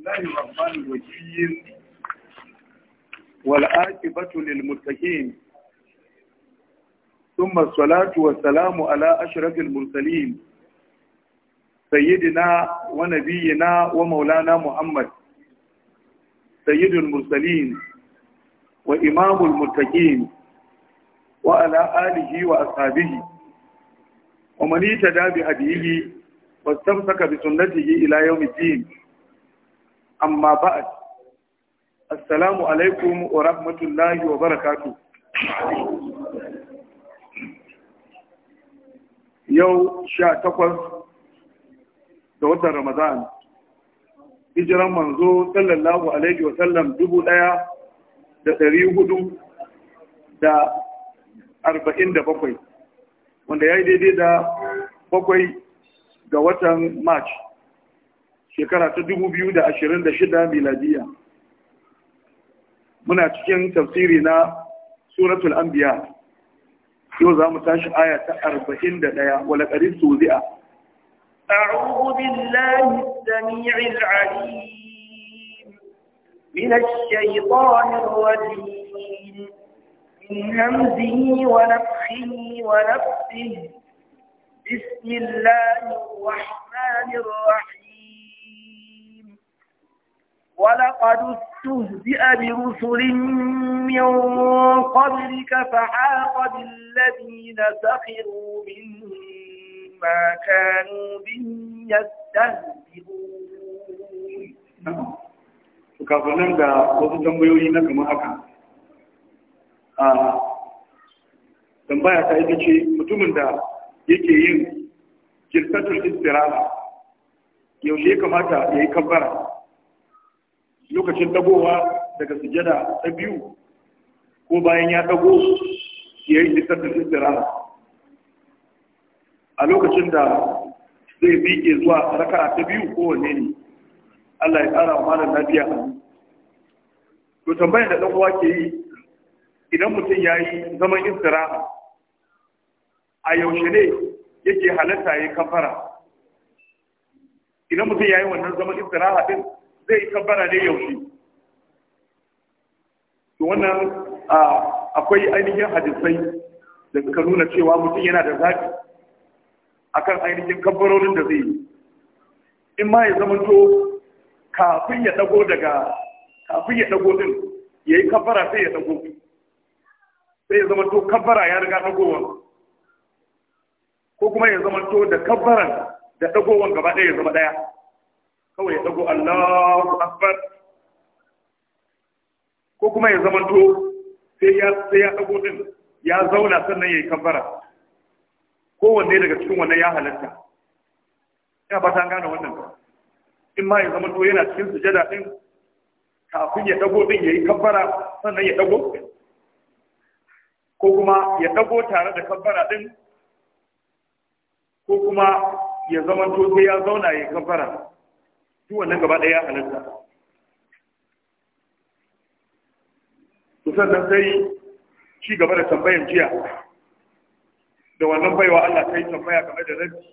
الله الرحمن الرحيم والآكبة للمتقين ثم الصلاة والسلام على أشرف المرسلين سيدنا ونبينا ومولانا محمد سيد المرسلين وإمام المتقين وعلى آله وأصحابه ومن يتدى بهديه واستمسك بسنته إلى يوم الدين amma ba'ad assalamu alaikum wa rahmatullahi wa barakatu yau sha takwas da watan ramadan hijiran manzo sallallahu alaihi wa sallam dubu daya da dari hudu da arba'in da bakwai wanda ya yi daidai da bakwai ga watan march shekara ta 2026 miladiya muna cikin tafsiri na suratul anbiya yau za mu tashi aya ta 41 wala qarin suzi'a a'udhu billahi as-sami'il 'alim min ash-shaytanir rajim min hamzihi wa بسم الله الرحمن الرحيم ولقد استهزئ برسل من قبلك فحاق بالذين سخروا منهم ما كانوا به يستهزئون kafin nan da wasu tambayoyi na kamar haka a tambaya ta yi ce mutumin da yake yin kirtatul istirara yaushe kamata ya yi kabbara lokacin dagowa daga sujada ta biyu ko bayan ya dago ya yi jisattun istirara a lokacin da zai biƙe zuwa raka'a ta biyu kowanne ne Allah ya tsara wa malam lafiya to tambayar da ɗan uwa ke yi idan mutum ya yi zaman istira, a yaushe ne yake halatta ya kafara idan mutum ya yi wannan zaman istiraha din zai kabbara ne yaushe to wannan akwai ainihin hadisai da suka nuna cewa mutum yana da zaɓi akan ainihin kabbarorin da zai yi in ma ya zamanto kafin ya dago daga kafin ya dago din ya yi kabbara sai ya dago sai ya zamanto kabbara ya riga dagowa ko kuma ya zamanto da kabbaran da dagowan gaba ɗaya ya zama ɗaya kawai ya dago Allahu akbar ko kuma ya to sai ya sai ya dago din ya zauna sannan yayi kabbara kowanne daga cikin wannan ya halatta ina ba ta gane wannan ba in ma ya to yana cikin sujada din kafin ya dago din yayi kabbara sannan ya dago ko kuma ya dago tare da kabbara din ko kuma ya to sai ya zauna ya kafara duk wannan gaba ɗaya ya halatta to sannan sai ci gaba da tambayan jiya da wannan baiwa Allah ta yi tambaya game da rabbi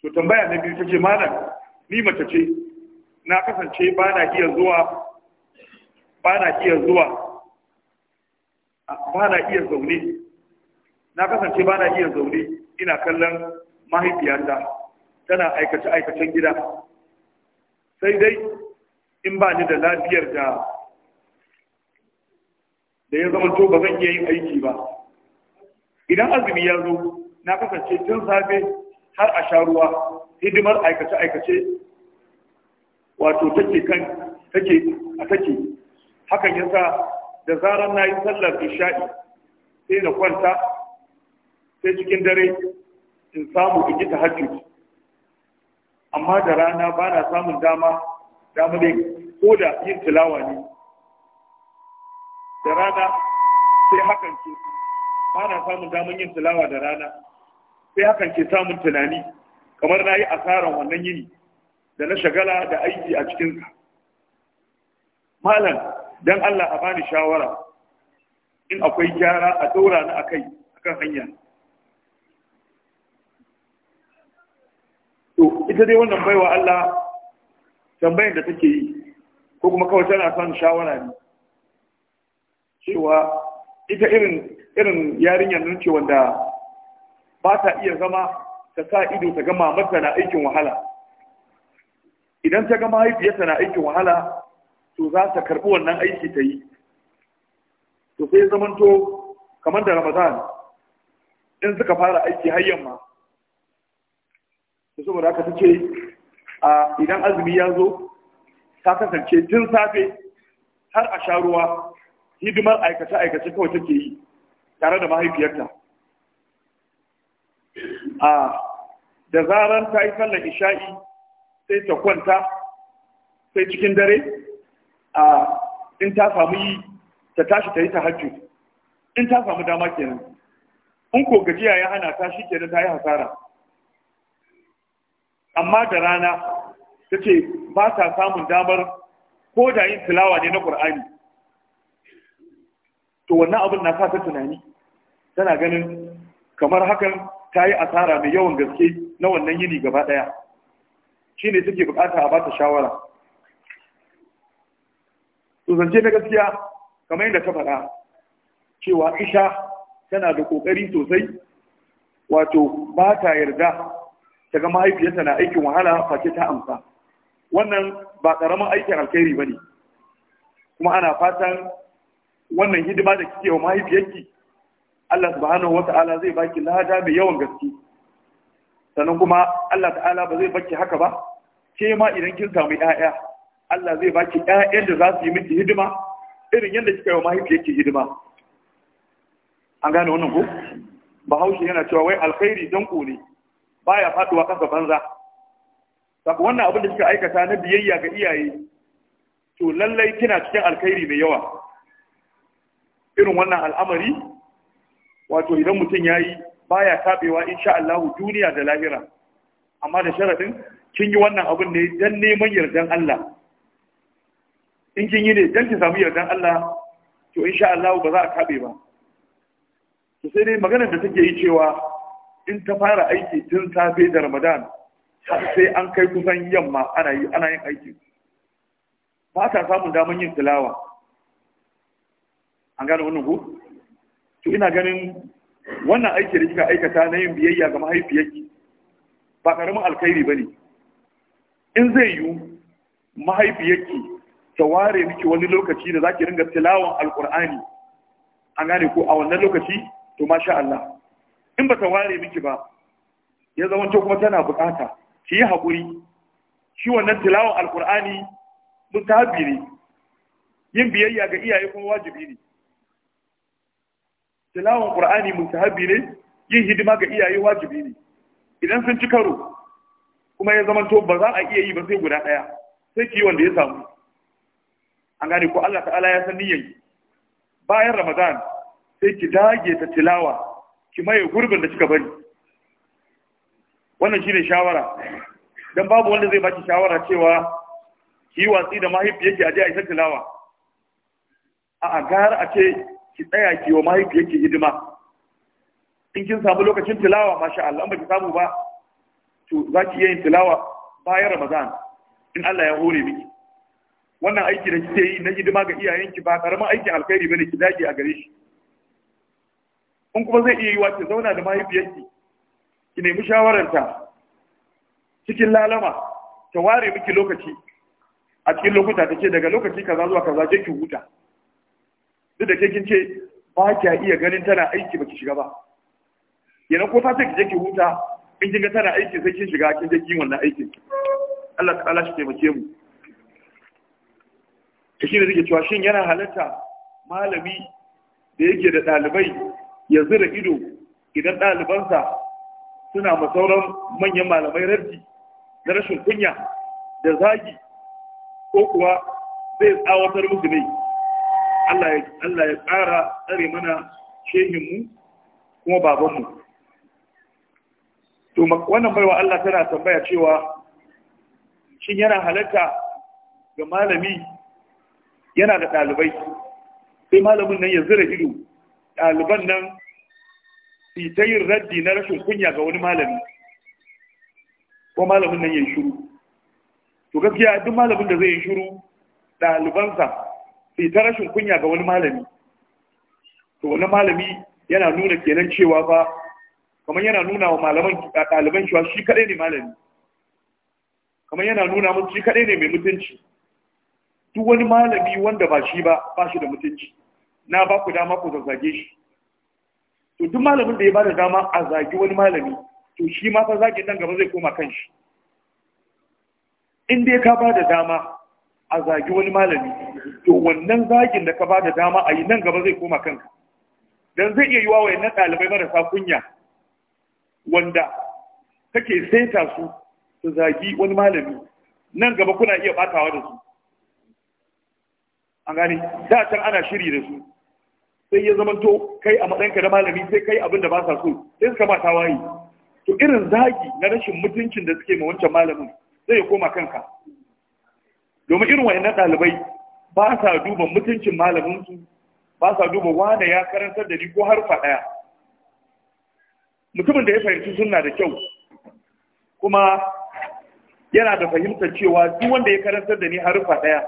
to tambaya na biyu take malam ni mace ce na kasance ba na iya zuwa ba na iya zuwa ba na iya zaune na kasance ba na iya zaune ina kallon mahaifiyata tana aikace aikacen gida sai dai in ba ni da lafiyar da da ya zama to ba zan iya yin aiki ba idan azumi ya zo na kasance tun safe har a sha hidimar aikace aikace wato take kan take a take hakan yasa da zarar na yi sallar isha'i sai na kwanta sai cikin dare in samu in ji amma da rana ba na samun dama dama ne ko da yin tilawa ne da rana sai hakan ke ba na samun daman yin tilawa da rana sai hakan ke samun tunani kamar na yi asaran wannan yini da na shagala da aiki a cikinsa malam don allah a bani shawara in akwai gyara a ɗora kai, kai akan hanya ita dai wannan baiwa Allah tambayin da take yi ko kuma kawai tana son shawara ne cewa ita irin irin yarinyar nan ce wanda ba ta iya zama ta sa ido ta gama mata na aikin wahala idan ta gama mahaifiyarta na aikin wahala to za ta karɓi wannan aiki ta yi to sai zamanto kamar da ramadan in suka fara aiki har yamma da saboda haka suke a idan azumi ya zo ta kasance tun safe har a sha ruwa hidimar aikace-aikace kawai take yi tare da mahaifiyarta a da zarar ta yi sallar isha'i sai ta kwanta sai cikin dare a in ta samu yi ta tashi ta yi ta hajju in ta samu dama kenan in ko gajiya ya hana ta shi kenan ta yi hasara amma da rana ta ce ba ta samun damar ko da yin tilawa ne na ƙur'ani to wannan abin na sa ta tunani tana ganin kamar hakan ta yi asara mai yawan gaske na wannan yini gaba ɗaya shi ne take bukata a bata shawara to zance na gaskiya kamar yadda ta faɗa cewa Aisha tana da ƙoƙari sosai wato ba ta yarda Daga mahaifiyarsa na aikin wahala face ta amsa wannan ba ƙaramin aikin alkhairi ba ne kuma ana fatan wannan hidima da kike wa mahaifiyarki Allah subhanahu wa ta'ala zai baki lada mai yawan gaske sannan kuma Allah ta'ala ba zai baki haka ba ke ma idan kin samu ƴaƴa Allah zai baki ƴaƴan da za su yi miki hidima irin yadda kika wa mahaifiyarki hidima an gane wannan ko bahaushe yana cewa wai alkhairi ku ne baya faduwa kasa banza saka wannan abin da kika aikata na biyayya ga iyaye to lallai kina cikin alkhairi mai yawa irin wannan al'amari wato idan mutum yayi baya kabewa insha Allah duniya da lahira amma da sharadin kin yi wannan abin ne dan neman yardan Allah in kin yi ne dan ki samu yardan Allah to insha Allah ba za a kabe ba sai dai maganar da take yi cewa in ta fara aiki tun safe da ramadan har sai an kai kusan yamma ana yi ana yin aiki ba ta samun daman yin tilawa an gane wannan ku to ina ganin wannan aiki da kika aikata na yin biyayya ga mahaifiyarki ba karamin alkhairi bane in zai yiwu mahaifiyarki ta ware miki wani lokaci da zaki ringa tilawan alkur'ani an gane ko a wannan lokaci to masha Allah in ba ta ware miki ba ya zama kuma tana bukata ki yi hakuri. shi wannan tilawar alkur'ani mutabi ne yin biyayya ga iyaye kuma wajibi ne tilawar qur'ani mutahabi ne yin hidima ga iyaye wajibi ne idan sun ci karo kuma ya zama ba za a iya yi ba sai guda daya sai ki wanda ya samu an gane ko Allah ta'ala ya san niyyar bayan ramadan sai ki dage ta tilawa ki maye gurbin da kika bari wannan shine shawara dan babu wanda zai baki shawara cewa ki yi watsi da mahaifiyarki a je a isar tilawa a gara a ce ki tsaya ki wa yake hidima in kin samu lokacin tilawa masha Allah ba ki samu ba to za ki iya yin tilawa bayan Ramadan in Allah ya hore miki wannan aiki da kike yi na hidima ga iyayenki ba karamin aikin alkhairi bane ki dage a gare shi in kuma zai iya yiwa ki zauna da mahaifiyarki ki nemi shawararta cikin lalama ta ware miki lokaci a cikin lokuta ta ce daga lokaci kaza zuwa kaza je ki huta duk da ke kin ce ba kya iya ganin tana aiki baki shiga ba yana ko ta ce ki je ki huta in kin ga tana aiki sai kin shiga kin je kin wannan aikin Allah ta'ala shi taimake mu to shine zai cewa shin yana halatta malami da yake da dalibai ya zira ido idan ɗalibansa suna masauran manyan malamai raddi na rashin kunya da zagi ko kuwa zai tsawatar musu ne Allah ya ƙara tsare mana shehinmu kuma babanmu to wannan baiwa Allah tana tambaya cewa shin yana halatta ga malami yana da ɗalibai sai malamin nan ya zira ido ɗaliban nan ta yin raddi na rashin kunya ga wani malami ko malamin nan ya yi shuru to gaskiya duk malamin da zai yi shuru ɗalibansa su ta rashin kunya ga wani malami to wani malami yana nuna kenan cewa fa kamar yana nuna wa malaman ɗaliban cewa shi kaɗai ne malami kamar yana nuna musu shi kaɗai ne mai mutunci duk wani malami wanda ba shi ba ba shi da mutunci na ba ku dama ku zage shi to duk malamin da ya bada dama a zagi wani malami to shi ma fa zagin nan gaba zai koma kan shi in dai ka bada dama a zagi wani malami to wannan zagin da ka bada dama a yi nan gaba zai koma kanka dan zai iya yiwa wayannan ɗalibai marasa kunya wanda kake saita su su zagi wani malami nan gaba kuna iya batawa da su an gane da can ana shiri da su sai ya zamanto kai a matsayinka da malami sai kai abin da ba sa so sai suka ba wayi to irin zagi na rashin mutuncin da suke ma wancan malamin zai koma kanka domin irin wayannan ɗalibai ba sa duba mutuncin malaminsu ba sa duba wane ya karantar da ni ko harfa ɗaya mutumin da ya fahimci sunna da kyau kuma yana da fahimtar cewa duk wanda ya karantar da ni harfa ɗaya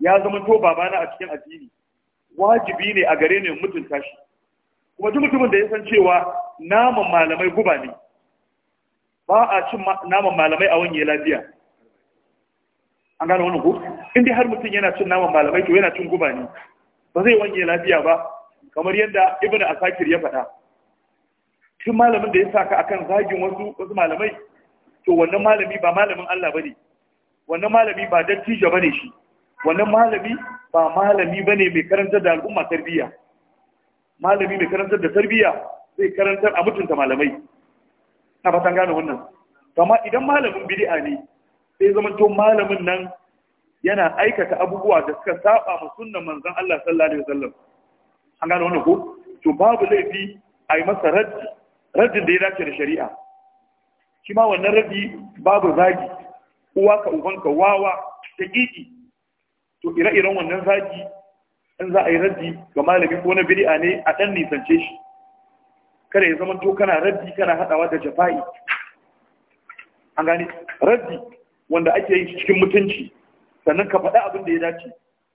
ya zama to babana a cikin addini wajibi ne a gare ne mutunta shi kuma duk mutumin da ya san cewa naman malamai guba ne ba a cin naman malamai a wanye lafiya an gane wani ko inda har mutum yana cin naman malamai to yana cin guba ne ba zai wanye lafiya ba kamar yadda ibnu asakir ya faɗa Cin malamin da ya saka akan zagin wasu wasu malamai to wannan malami ba malamin Allah bane wannan malami ba dattijo bane shi wannan malami ba malami bane mai karantar da al'umma tarbiyya malami mai karantar da tarbiyya zai karantar a mutunta malamai na fatan gane wannan amma idan malamin bid'a ne sai zama to malamin nan yana aikata abubuwa da suka saba ma sunnan manzon Allah sallallahu alaihi wasallam an gane wannan ko to babu laifi a yi masa raddi raddin da ya dace da shari'a shi ma wannan raddi babu zagi uwa ka ubanka wawa ta kiki to ire-iren wannan zagi in za a yi raddi ga malami ko na bid'a ne a dan nisance shi kada ya zama to kana raddi kana hadawa da jafa'i an gani raddi wanda ake yi cikin mutunci sannan ka faɗa abin da ya dace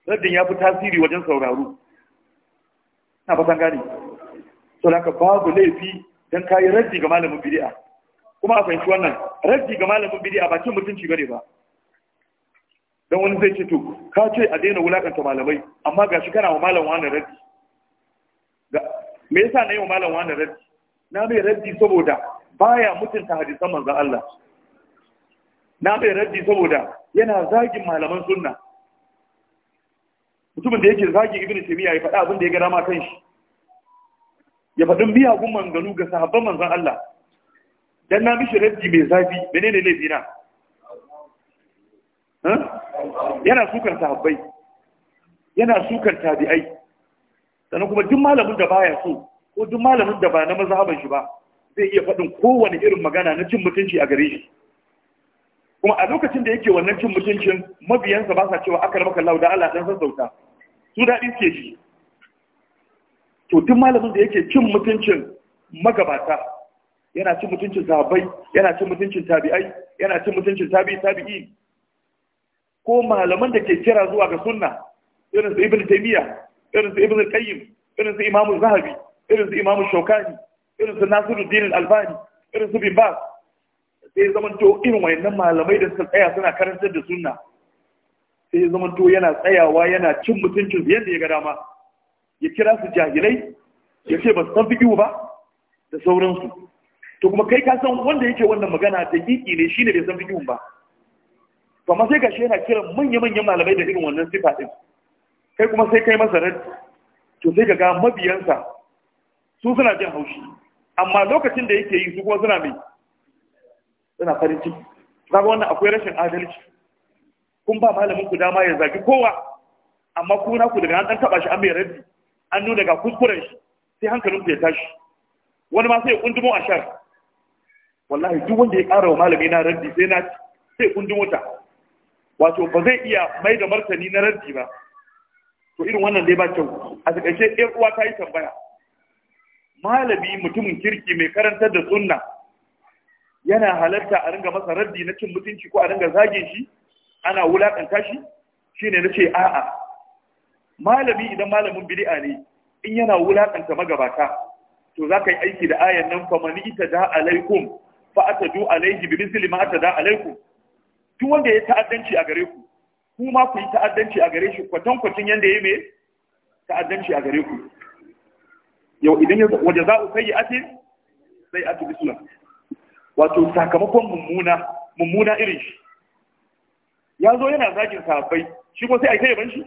raddin ya fi tasiri wajen sauraro na fatan gane to da babu laifi dan kayi raddi ga malamin bid'a kuma a fahimci wannan raddi ga malamin bid'a ba cin mutunci bane ba dan wani zai ce to ka ce a daina wulakanta malamai amma gashi kana wa malam wani raddi me yasa na yi wa malam wani raddi na mai raddi saboda baya mutunta hadisan manzon Allah na mai raddi saboda yana zagin malaman sunna mutumin da yake zagi ibnu taymiya ya faɗa abin da ya ga dama kan shi ya faɗin gumman manganu ga sahabban manzon Allah dan na mishi raddi mai zafi menene laifina yana sukar sahabbai yana sukar tabi'ai sannan kuma duk malamin da baya so ko duk malamin da ba na mazhaban shi ba zai iya faɗin kowane irin magana na cin mutunci a gare shi kuma a lokacin da yake wannan cin mutuncin mabiyansa ba sa cewa aka rama kallahu da Allah dan sassauta su daɗi suke ji to duk malamin da yake cin mutuncin magabata yana cin mutuncin sahabbai yana cin mutuncin tabi'ai yana cin mutuncin tabi'i tabi'i ko malaman da ke kira zuwa ga sunna irin su ibn taymiya irin su ibn qayyim irin su imam zahabi irin su imam shaukani irin su nasiruddin albani irin su bin bas sai zamanto irin wayannan malamai da suka tsaya suna karantar da sunna sai zamanto yana tsayawa yana cin mutuncin yadda ya ga dama ya kira su jahilai ya ce ba su san fiƙiwu ba da sauransu to kuma kai ka san wanda yake wannan magana da ne shine bai san fiƙihun ba to amma sai gashi yana kiran manya-manyan malamai da irin wannan sifa ɗin kai kuma sai kai masa raddi to sai ka ga mabiyansa su suna jin haushi amma lokacin da yake yi su kuma suna mai suna farin ciki kaga wannan akwai rashin adalci kun ba malamin ku dama ya zagi kowa amma kuna ku daga an dan taba shi an mai raddi an nuna ga kuskuren shi sai hankalin ku ya tashi wani ma sai ya kundumo a shar wallahi duk wanda ya ƙara wa malami na raddi sai na sai kundumo ta wato ba zai iya mai da martani na raddi ba to irin wannan dai ba kyau a takaice ɗan uwa ta yi tambaya malami mutumin kirki mai karantar da sunna yana halarta a ringa masa raddi na cin mutunci ko a ringa zage shi ana wulakanta shi shine na ce a'a malami idan malamin bid'a ne in yana wulakanta magabata to za ka yi aiki da ayan nan famani ita da alaikum fa atadu alaihi bi misli ma atada alaikum duk wanda ya ta'addanci a gare ku kuma ku yi ta'addanci a gare shi kwatankwacin yadda ya yi mai ta'addanci a gare ku yau idan ya waje za ku kai ati sai ati bisula wato sakamakon mummuna mummuna irin shi ya zo yana zagin sahabbai shi ko sai a kai ban shi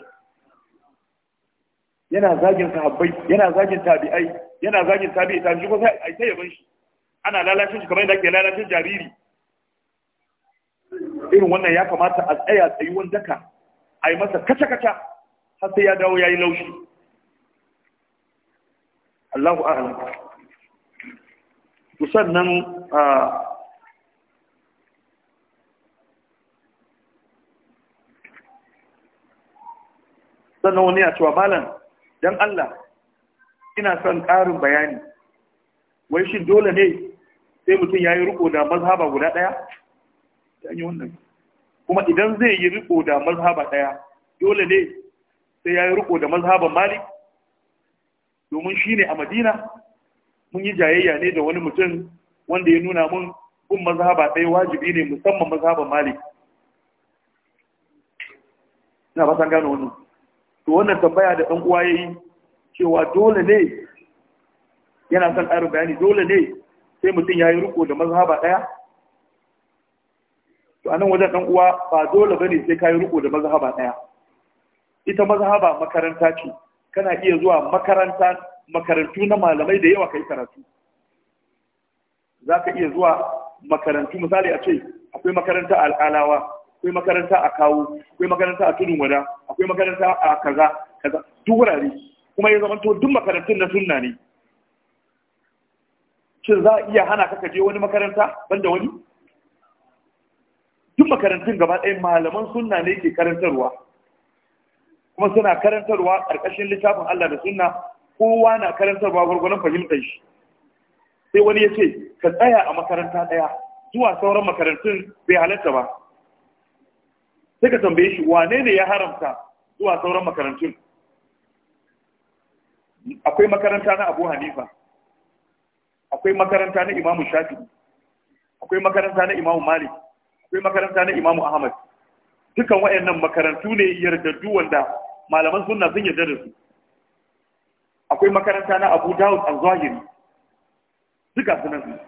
yana zagin sahabbai yana zagin tabi'ai yana zagin tabi'ai shi ko sai a kai ban shi ana lalacin shi kamar yadda ake lalacin jariri irin wannan ya kamata a tsaya tsayuwan daka a yi masa kaca-kaca har sai ya dawo ya yi laushi Allahu a'ala sannan a sannan wani a cewa malam don Allah ina son ƙarin bayani wai shi dole ne sai mutum ya yi riko da mazhaba guda ɗaya sai yi wannan kuma idan zai yi riko da mazhaba daya dole ne sai ya yi riko da mazhaban malik domin shi ne a madina mun yi jayayya ne da wani mutum wanda ya nuna mun kun mazhaba daya wajibi ne musamman mazhaban malik ina ba san gano wannan to wannan tambaya da ɗan uwa yayi cewa dole ne yana son ƙarin bayani dole ne sai mutum ya yi riko da mazhaba daya. to anan wajen dan uwa ba dole bane sai kai riko da mazhaba daya ita mazhaba makaranta ce kana iya zuwa makaranta makarantu na malamai da yawa kai karatu zaka iya zuwa makarantu misali a ce akwai makaranta al'alawa akwai makaranta a kawo akwai makaranta a tudun wada akwai makaranta a kaza kaza duk wurare kuma ya zamanto duk makarantun na sunna ne shin za a iya hana ka je wani makaranta banda wani duk makarantun gaba ɗaya malaman sunna ne ke karantarwa kuma suna karantarwa ƙarƙashin littafin Allah da sunna kowa na karantarwa gwargwadon fahimtar shi sai wani ya ce ka tsaya a makaranta ɗaya zuwa sauran makarantun bai halatta ba sai ka tambaye shi wane ne ya haramta zuwa sauran makarantun akwai makaranta na abu hanifa akwai makaranta na imamu shafi akwai makaranta na imamu malik akwai makaranta na Imam Ahmad dukan wayannan makarantu ne yardaddu wanda malaman sunna sun yarda da su akwai makaranta na Abu Dawud al-Zahiri duka sunan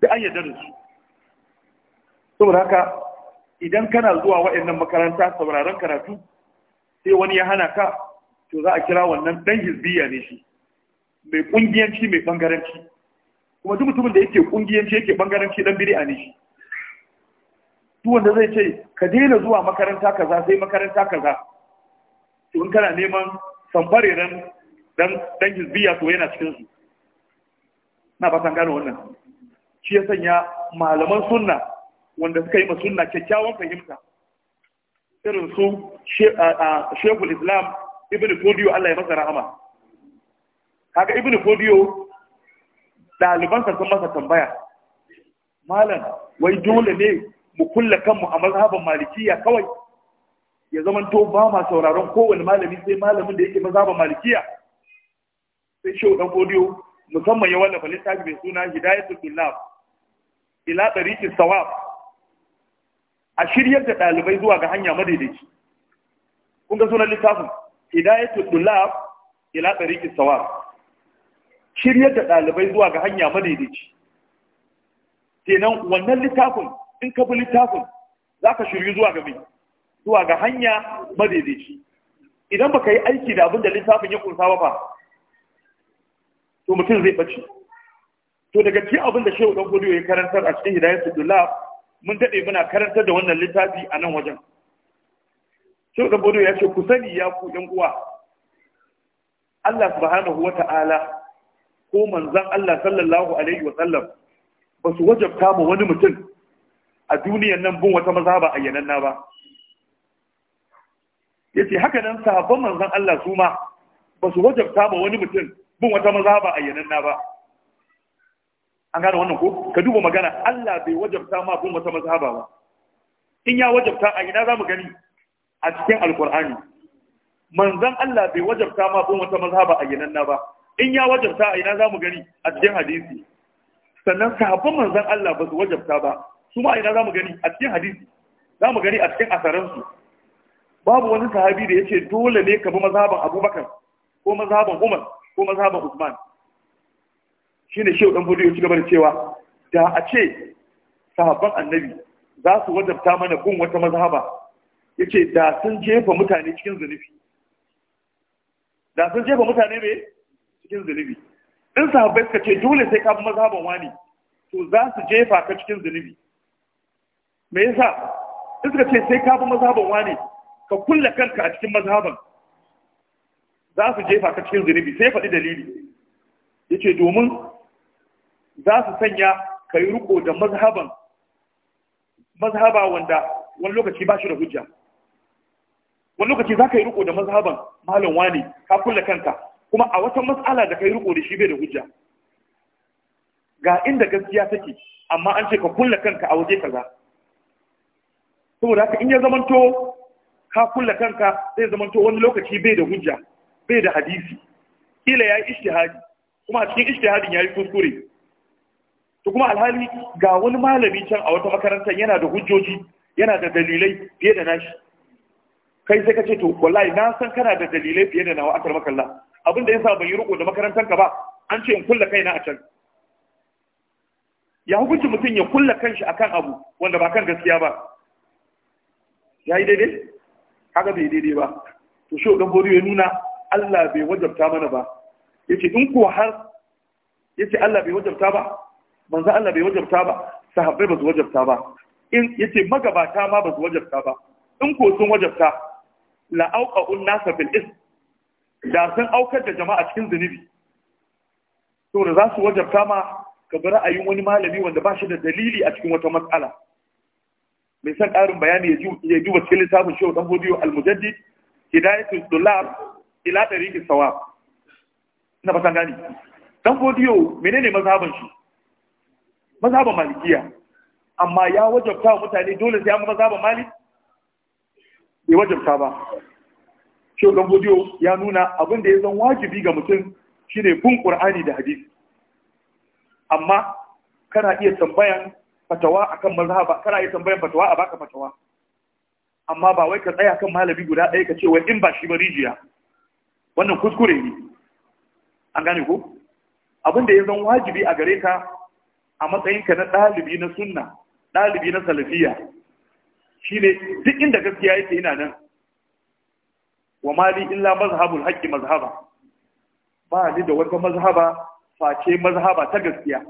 da an yarda da su saboda haka idan kana zuwa wayannan makaranta sauraron karatu sai wani ya hana ka to za a kira wannan dan hizbiya ne shi mai kungiyanci mai bangaranci kuma duk mutumin da yake kungiyanci yake bangaranci dan bid'a ne shi duk wanda zai ce ka daina zuwa makaranta kaza sai makaranta kaza to in kana neman samfare dan dan dan hizbiya to yana cikin su na fatan gano wannan shi ya sanya malaman sunna wanda suka yi sunna kyakkyawan fahimta irin su shekul islam ibn fodiyo allah ya masa rahama kaga ibn fodiyo ɗalibansa sun masa tambaya malam wai dole ne mu kulle kanmu a mazhaban malikiya kawai ya to ba ma sauraron kowane malami sai malamin da yake mazhaban malikiya sai shehu dan godiyo musamman ya wallafa littafi mai suna hidayatul kullab ila tariqis sawab a shiryar da dalibai zuwa ga hanya madaidaici kun ga sunan littafin hidayatul kullab ila tariqis sawab shiryar da dalibai zuwa ga hanya madaidaici kenan wannan littafin in ka bi littafin za ka shiryu zuwa ga mai zuwa ga hanya madaidaici idan baka yi aiki da abin da littafin ya kunsa ba to mutum zai bace to daga cikin abin da shehu dan godiyo ya karantar a cikin hidayat sudullah mun dade muna karantar da wannan littafi a nan wajen shehu dan godiyo ya ce ku sani ya ku yan uwa Allah subhanahu ta'ala, ko manzon Allah sallallahu alaihi wa sallam ba su wajabta ma wani mutum a duniyan nan bin wata maza a ayyananna ba yace haka nan sahabban manzon Allah su ma ba su wajabta ba wani mutum bin wata maza a ayyananna ba an gane wannan ko ka duba magana Allah bai wajabta ma bin wata maza ba in ya wajabta a ina zamu gani a cikin alkur'ani manzon Allah bai wajabta ma bin wata maza a ayyananna ba in ya wajabta a ina zamu gani a cikin hadisi sannan sahabban manzon Allah ba su wajabta ba su ma ina za mu gani a cikin hadisi za mu gani a cikin asaran su babu wani sahabi da ce dole ne ka bi mazhaban Abubakar ko mazhaban Umar ko mazhaban Usman shine shehu dan bodi ya ci gaba da cewa da a ce sahabban annabi za su wajabta mana gun wata mazhaba yace da sun jefa mutane cikin zunubi da sun jefa mutane ne cikin zunubi in sahabbai suka ce dole sai ka bi mazhaban wani to za su jefa ka cikin zunubi me yasa suka ce sai ka bi mazhaban wani ka kulle kanka a cikin mazhaban za su jefa ka cikin zunubi sai faɗi dalili yace domin za su sanya ka yi riko da mazhaban mazhaba wanda wani lokaci ba shi da hujja wani lokaci za ka yi riko da mazhaban malam wani ka kulle kanka kuma a wata matsala da ka yi riko da shi bai da hujja ga inda gaskiya take amma an ce ka kulle kanka a waje kaza saboda haka in ya zamanto ka kulla kanka zai zamanto wani lokaci bai da hujja bai da hadisi kila ya yi ishtihadi kuma a cikin ishtihadin ya yi kuskure to kuma alhali ga wani malami can a wata makaranta yana da hujjoji yana da dalilai fiye da nashi kai sai ka ce to wallahi na san kana da dalilai fiye da nawa akar makalla abinda yasa ban yi riko da makarantar ka ba an ce in kulla kaina a can ya hukunci mutum ya kulla kanshi akan abu wanda ba kan gaskiya ba ya yi daidai haka bai daidai ba to shi ga bori ya nuna Allah bai wajabta mana ba yace in kuwa har yace Allah bai wajabta ba manzo Allah bai wajabta ba sahabbai ba su wajabta ba in yace magabata ma ba su wajabta ba in ko sun wajabta la auqa'un nasa bil is da sun aukar da jama'a cikin zunubi to da za su wajabta ma ka bi ra'ayin wani malami wanda ba shi da dalili a cikin wata matsala mai san ƙarin bayani ya duba cikin littafin shehu dan godiyo, al-mujaddid hidayatul dulab ila tariqi sawab ina ba san gani dan bodiyo menene mazhaban shi mazhaban malikiya amma ya wajabta wa mutane dole sai an mazhaban malik bai wajabta ba shehu dan godiyo ya nuna abin da ya zan wajibi ga mutum shine bin qur'ani da hadisi amma kana iya tambayan fatawa akan mazhaba kana yi tambayar fatawa a baka fatawa amma ba wai ka tsaya kan malami guda ɗaya ka ce wai in ba shi ba rijiya wannan kuskure ne an gane ko abin da ya zan wajibi a gare ka a matsayinka na ɗalibi na sunna ɗalibi na salafiya shine duk inda gaskiya yake ina nan wa mali illa mazhabul haqqi mazhaba ba ni da wata mazhaba face mazhaba ta gaskiya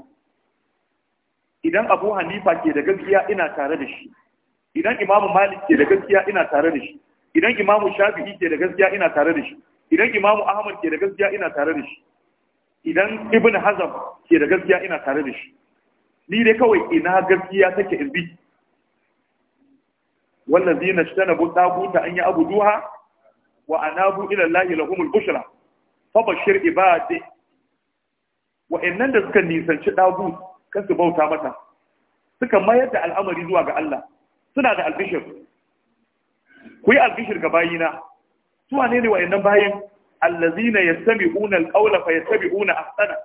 idan abu hanifa ke da gaskiya ina tare da shi idan imamu malik ke da gaskiya ina tare da shi idan imamu shafi'i ke da gaskiya ina tare da shi idan imamu ahmad ke da gaskiya ina tare da shi idan ibn hazam ke da gaskiya ina tare da shi ni dai kawai ina gaskiya take in bi wallazi na shi tanabu tsaguta an yi abu duha wa anabu ila lahi lahumul bushra fa bashir ibadi wa'annan da suka nisanci dagu kan su bauta mata suka mayar da al'amari zuwa ga Allah suna da albishir ku yi albishir ga bayina su wane ne wayannan bayin allazina yastabi'una alqawla fa yastabi'una ahsana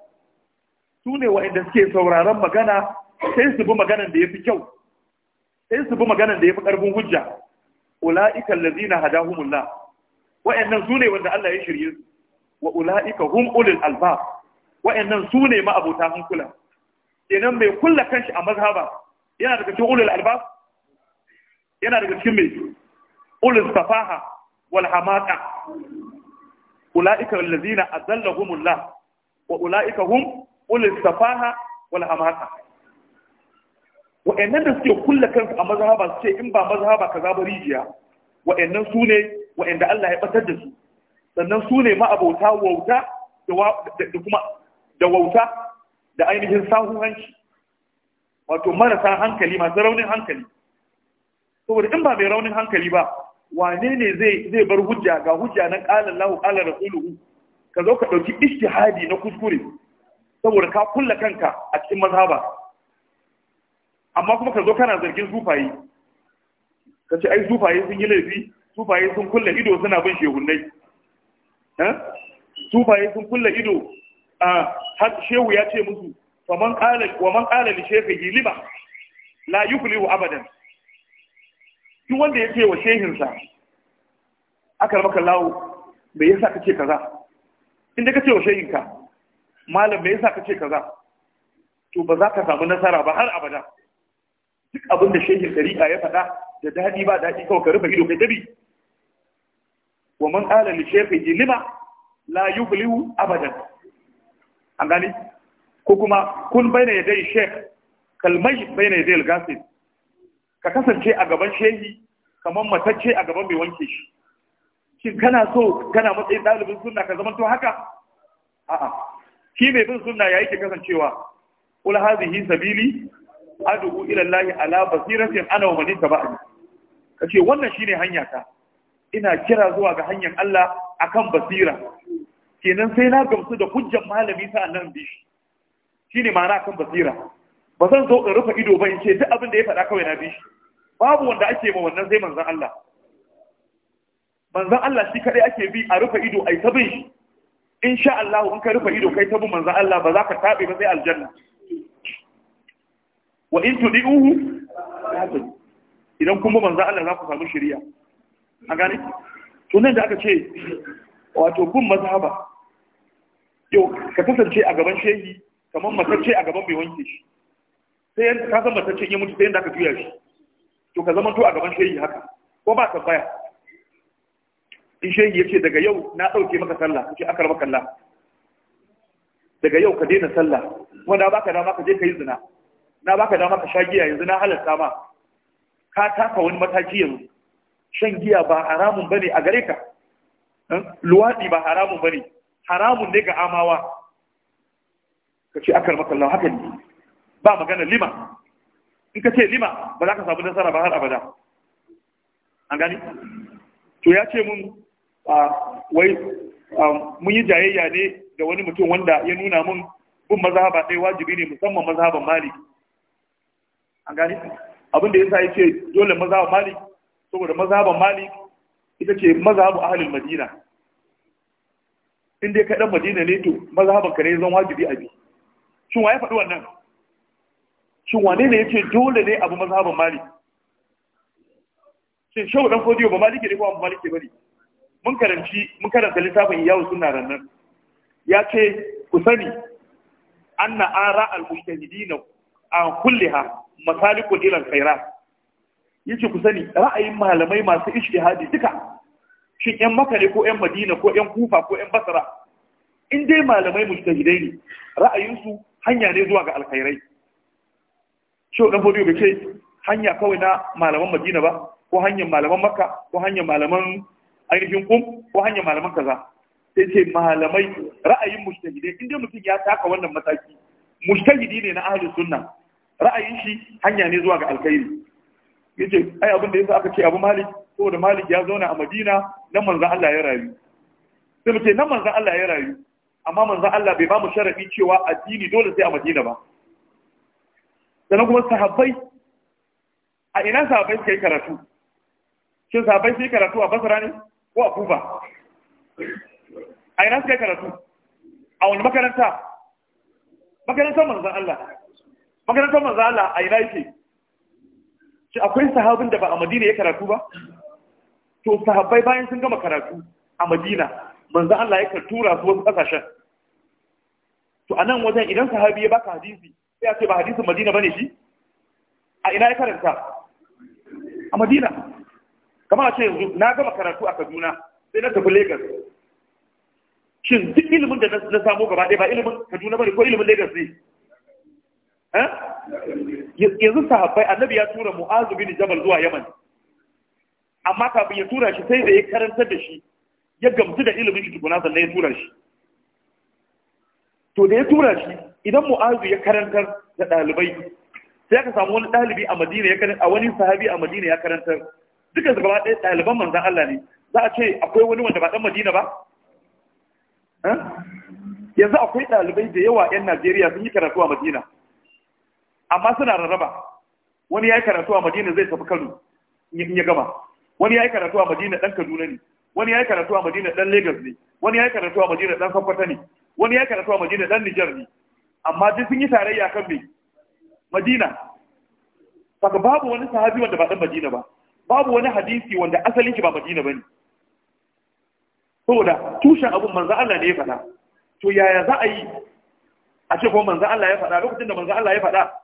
su ne wayanda suke sauraron magana sai su bi maganan da yafi kyau sai su bi maganan da yafi karfin hujja ulaika allazina hadahumullah wayannan su ne wanda Allah ya shirye su wa ulaika hum ulul albab wayannan su ne ma abota hankula kenan mai kulla kanshi a mazhaba yana daga cikin ulul albab yana daga cikin mai ulul safaha wal hamaqa ulaika allazina azallahumullah wa ulaika hum ulul safaha wal hamaqa wa'annan da suke kulla kansu a mazhaba su ce in ba mazhaba kaza ba rijiya wa'annan su ne wa'anda Allah ya batar da su sannan su ne ma'abauta wauta da kuma da wauta da ainihin sahun hanci wato marasa hankali masu raunin hankali saboda in ba mai raunin hankali ba wane ne zai bar hujja ga hujja na ƙalar lahu ƙalar rasuluhu ka zo ka ɗauki ishtihadi na kuskure saboda ka kulla kanka a cikin mazhaba amma kuma ka zo kana zargin sufaye ka ce ai sufaye sun yi laifi sufaye sun kulla ido suna bin shehunnai eh? sufaye sun kulla ido har shehu ya ce musu wa man ƙala li yi lima la yi wa abadan duk wanda ya ce wa shehinsa aka maka lawo me yasa ka kace kaza inda ce wa shehinka malam me yasa ka ka kaza to ba za ka samu nasara ba har abada duk abin da shehin dariƙa ya faɗa da daɗi ba daɗi kawai ka rufe ido kai dabi wa man ƙala li yi lima la yi yuflihu abadan an gani ko kuma kun bayyana ya dai sheikh kalmai bayyana ya dai ka kasance a gaban shehi kamar matacce a gaban mai wanke shi shin kana so kana matsayin ɗalibin sunna ka zama to haka a'a shi mai bin sunna ya yake kasancewa kul hi sabili a ila Allah ala basiratin ana wa man Ka kace wannan shine hanya ta ina kira zuwa ga hanyar Allah akan basira kenan sai na gamsu da hujjan malami sa nan bi shi shine ma'ana kan basira ba zan zo in rufe ido ba in ce duk abin da ya faɗa kawai na bi shi babu wanda ake ma wannan sai manzan Allah Manzan Allah shi kadai ake bi a rufe ido ai ta bin shi insha Allah in ka rufe ido kai ta bin Allah ba za ka tabe ba sai aljanna wa in tudihu idan kuma manzan Allah za ku samu shari'a a gane to nan da aka ce wato bin mazhaba yau ka kasance a gaban shehi kamar matacce a gaban bai wanke shi sai yanzu ka san matacce ya mutu sai yanda aka juya shi to ka zama to a gaban shehi haka ko ba tambaya in shehi ya ce daga yau na ɗauke maka sallah ka ce aka raba kalla daga yau ka daina sallah kuma na baka dama ka je ka yi zina na baka dama ka sha giya yanzu na halarta ma ka taka wani mataki yanzu shan giya ba haramun bane a gare ka hmm? luwaɗi ba haramun bane haramun ne ga amawa ka ce akar makallahu haka ne ba magana lima in ka ce lima ba za ka samu nasara ba har abada an gani to ya ce mun wai mun yi jayayya ne da wani mutum wanda ya nuna mun bin mazhaba ɗaya wajibi ne musamman mazhaban mali. an gani abinda sa ya ce dole mazhaban mali, saboda mazhaban mali ita ce mazhabu ahalin madina in dai kaɗan madina ne to mazhaban ka ne zan wajibi a bi shin wa ya faɗi wannan shin wane ne ya ce dole ne abu mazhaban malik shin shau dan fodiyo ba maliki ne ko ba maliki bane mun karanci mun karanta littafin iyawu sunna nan ya ce ku sani anna ara al mujtahidina an kulliha masalikul ila al khairat yace ku sani ra'ayin malamai masu ijtihadi duka shin yan maka ne ko yan madina ko yan kufa ko yan basara? in dai malamai mujtahidai ne ra'ayinsu hanya ne zuwa ga alkhairai shi dan fodiyo bai ce hanya kawai na malaman madina ba ko hanyar malaman maka, ko hanyar malaman ainihin kum ko hanyar malaman kaza sai ce malamai ra'ayin mujtahidai in dai mutum ya taka wannan mataki mujtahidi ne na ahalin sunna ra'ayin shi hanya ne zuwa ga alkhairi yace ai abin da yasa aka ce abu malik saboda malik ya zauna a madina nan manzon Allah ya rayu sai mu ce nan manzon Allah ya rayu amma manzon Allah bai ba mu sharadi cewa addini dole sai a madina ba sannan kuma sahabbai a ina sahabbai suka yi karatu shin sahabbai suka yi karatu a basra ne ko a kufa a ina suka yi karatu a wani makaranta makarantar manzon Allah makarantar manzon Allah a ina yake shi akwai sahabin da ba a madina ya karatu ba to sahabbai bayan sun gama karatu a madina manzo Allah ya tura su wasu kasashen to a nan wajen idan sahabi ya baka hadisi sai a ce ba hadisin madina bane shi a ina ya karanta a madina kamar a ce yanzu na gama karatu a kaduna sai na tafi lagos shin duk ilimin da na samo gaba ɗaya ba ilimin kaduna bane ko ilimin lagos ne Eh? yanzu sahabbai annabi ya tura mu'azu bin jabal zuwa yaman amma kafin ya tura shi sai da ya karantar da shi ya gamsu da ilimin shi tukuna sannan ya tura shi to da ya tura shi idan mu'azu ya karantar da ɗalibai sai aka samu wani ɗalibi a madina ya karantar a wani sahabi a madina ya karantar dukkan su gaba ɗaya ɗaliban manzan Allah ne za a ce akwai wani wanda ba ɗan madina ba eh? yanzu akwai ɗalibai da yawa 'yan Najeriya sun yi karatu a madina amma suna rarraba wani ya yi karatu a madina zai tafi kano in ya gama wani ya yi karatu a madina dan kaduna ne wani ya yi karatu a madina dan lagos ne wani ya yi karatu a madina dan sokoto ne wani ya yi karatu a madina dan niger ne amma duk sun yi tarayya kan me madina saka babu wani sahabi wanda ba dan madina ba babu wani hadisi wanda asalin shi ba madina bane saboda tushen abun manzo Allah ne ya faɗa to yaya za a yi a ce kuma manzo Allah ya faɗa lokacin da manzo Allah ya faɗa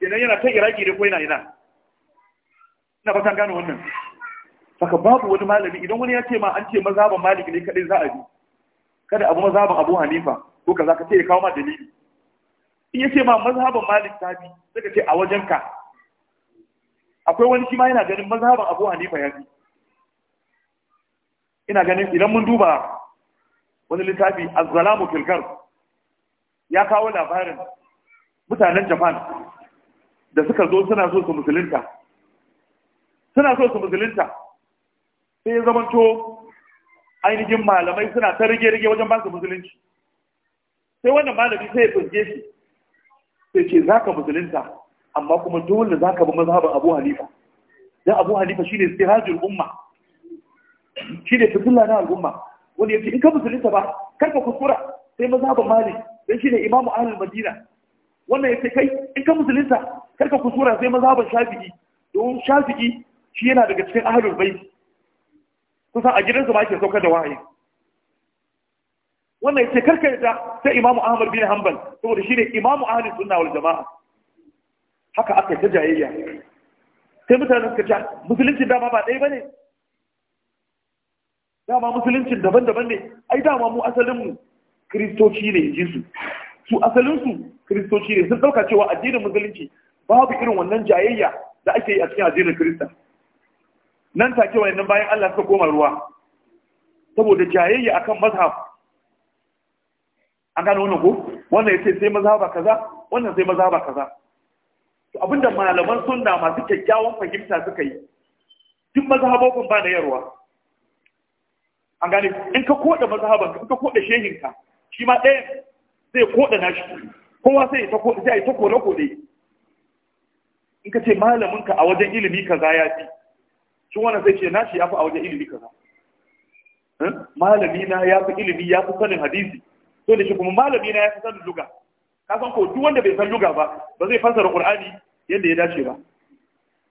idan yana ta iraki da kwaina yana ina ina fatan gano wannan saka babu wani malami idan wani ya ce ma an ce mazhaban maliki ne kadai za a bi kada abu mazhaban abu hanifa ko kaza ka ce ya kawo ma dalili in ya ce ma mazhaban malik ta bi sai ka ce a wajen ka akwai wani shi ma yana ganin mazhaban abu hanifa ya bi ina ganin idan mun duba wani littafi az-zalamu fil ya kawo labarin mutanen japan da suka zo suna so su musulunta suna so su musulunta sai ya zamanto ainihin malamai suna ta rige-rige wajen ba su musulunci sai wannan malami sai ya fuske shi sai ce za ka musulunta amma kuma dole za ka bi mazhabin abu halifa don abu halifa shi hajji al'umma umma ne fitilla na al'umma wani ya ce in ka musulunta ba kar ka kuskura sai mazhabin malik don ne imamu ahlul madina wannan ya ce kai in ka musulunta karka kusura sai mazhaban shafi'i don shafi'i shi yana daga cikin ahlul bait kusan a gidansa ba ke saukar da wahayi wannan yace karka da sai imamu ahmad bin hanbal saboda shine imamu ahlus sunna wal jamaa haka aka ta jayayya sai mutanen suka ce musulunci dama ba ɗaya bane dama musuluncin daban-daban ne ai dama mu asalinmu kristoci ne jinsu su asalinsu kristoci ne sun dauka cewa addinin musulunci babu irin wannan jayayya da ake yi a cikin addinin Kirista nan take wayannan bayan Allah suka koma ruwa saboda jayayya akan mazhab an gano wannan ko wannan yace sai mazhaba kaza wannan sai mazhaba kaza to abinda malaman sunna masu kyakkyawan fahimta suka yi duk mazhabokun ba da yarwa an gane in ka koda mazhaban in ka koda shehinka shi ma ɗaya zai koda nashi kowa sai ta koda sai ta kore kode in ka ce malaminka a wajen ilimi kaza ya fi shi wannan sai ce na shi ya fi a wajen ilimi kaza eh? malami na ya fi ilimi ya fi sanin hadisi to da shi kuma malami na ya fi sanin luga ka san ko duk wanda bai san luga ba ba zai fassara qur'ani yadda ya dace ba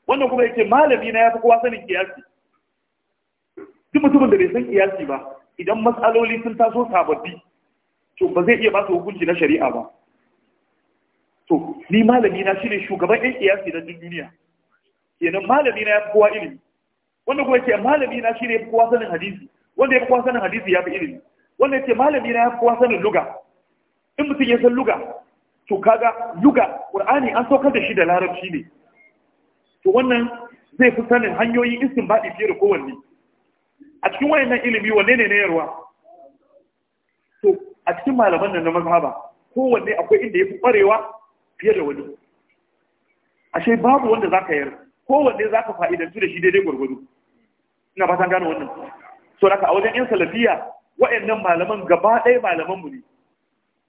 wannan kuma yake malami na ya fi kowa sanin kiyasi duk mutumin da bai san kiyasi ba idan matsaloli sun taso sababbi to ba zai iya ba su hukunci na shari'a ba to ni malami na shine shugaban yan kiyasi na duniya kenan malami na ya fi kowa ilimi wanda kuma ce malami na shine ya fi kowa sanin hadisi wanda ya fi kowa sanin hadisi ya fi ilimi wanda ce malami na ya fi kowa sanin luga in mutum ya san luga to kaga luga qur'ani an saukar da shi da larabci ne to wannan zai fi sanin hanyoyin istinbadi fiye da kowanne a cikin wayannan ilimi wanne ne na yarwa to a cikin malaman nan na mazhaba kowanne akwai inda ya fi kwarewa fiye da wani ashe babu wanda za ka yar kowanne za ka fa'idantu da shi daidai gwargwado ina ba san gane wannan so daga a wajen yan salafiya nan malaman gaba ɗaya malaman mu ne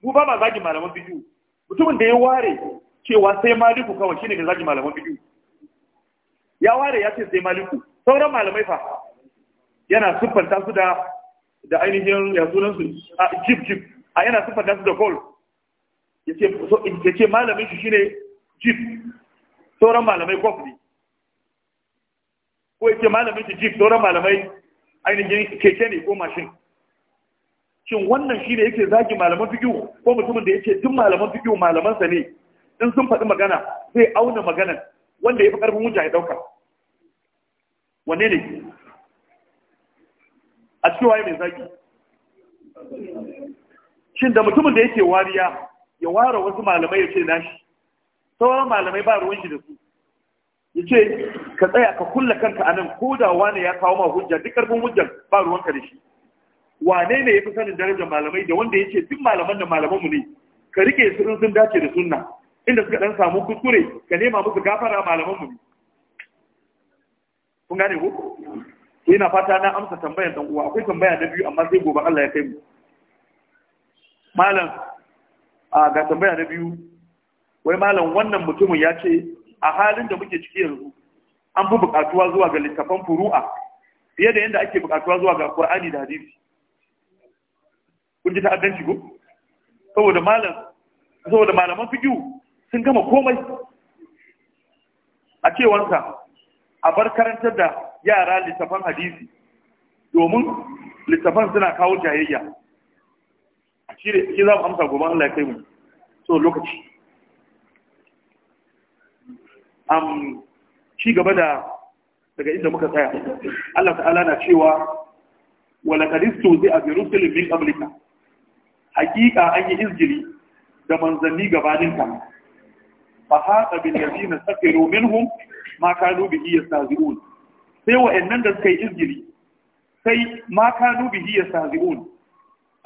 mu ba ma zagi malaman biyu. mutumin da ya ware cewa sai maliku kawai shine ga zagi malaman biyu. ya ware ya ce sai maliku sauran malamai fa yana siffanta su da da ainihin ya sunan su a jib jib a yana siffanta su da gold ya ce malamin shi shine jif sauran malamai gwaf ne ko ya ce malamin shi jif sauran malamai ainihin keke ne ko mashin shin wannan shi ne yake zagi malaman fikiyu ko mutumin da ya ce duk malaman fikiyu malamansa ne in sun faɗi magana zai auna maganan wanda ya fi ƙarfin wuja ya ɗauka wanne ne a cikin waye mai zagi shin da mutumin da yake wariya ya ware wasu malamai ya ce nashi sauran malamai ba ruwan shi da su ya ce ka tsaya ka kulla kanka anan ko da wane ya kawo ma hujja duk karfin hujjar ba ruwanka da shi wane ne ya fi sanin darajar malamai da wanda ya ce duk malaman da mu ne ka rike su in sun dace da sunna inda suka dan samu kuskure ka nema musu gafara mu ne kun gane ko ina fata na amsa tambayar dan uwa akwai tambaya na biyu amma sai gobe Allah ya kai mu malam a ga tambaya na biyu wai malam wannan mutumin ya ce a halin da muke ciki yanzu an fi bukatuwa zuwa ga littafan furu'a fiye da yadda ake bukatuwa zuwa ga Qur'ani da hadisi kun ji ta'addanci ko saboda malam saboda malaman fiqh sun gama komai a cewansa a bar karantar da yara littafan hadisi domin littafan suna kawo jayayya shi da shi za mu amsa gobe Allah ya kai mu so lokaci am ci gaba da daga inda muka tsaya Allah ta'ala na cewa wala kadistu zai abi rusul min qablika hakika an yi izgili da manzanni gabanin ka fa haqa bil ladina safiru minhum ma kanu bihi yastahzi'un sai wa'annan da suka yi izgili sai ma kanu bihi yastahzi'un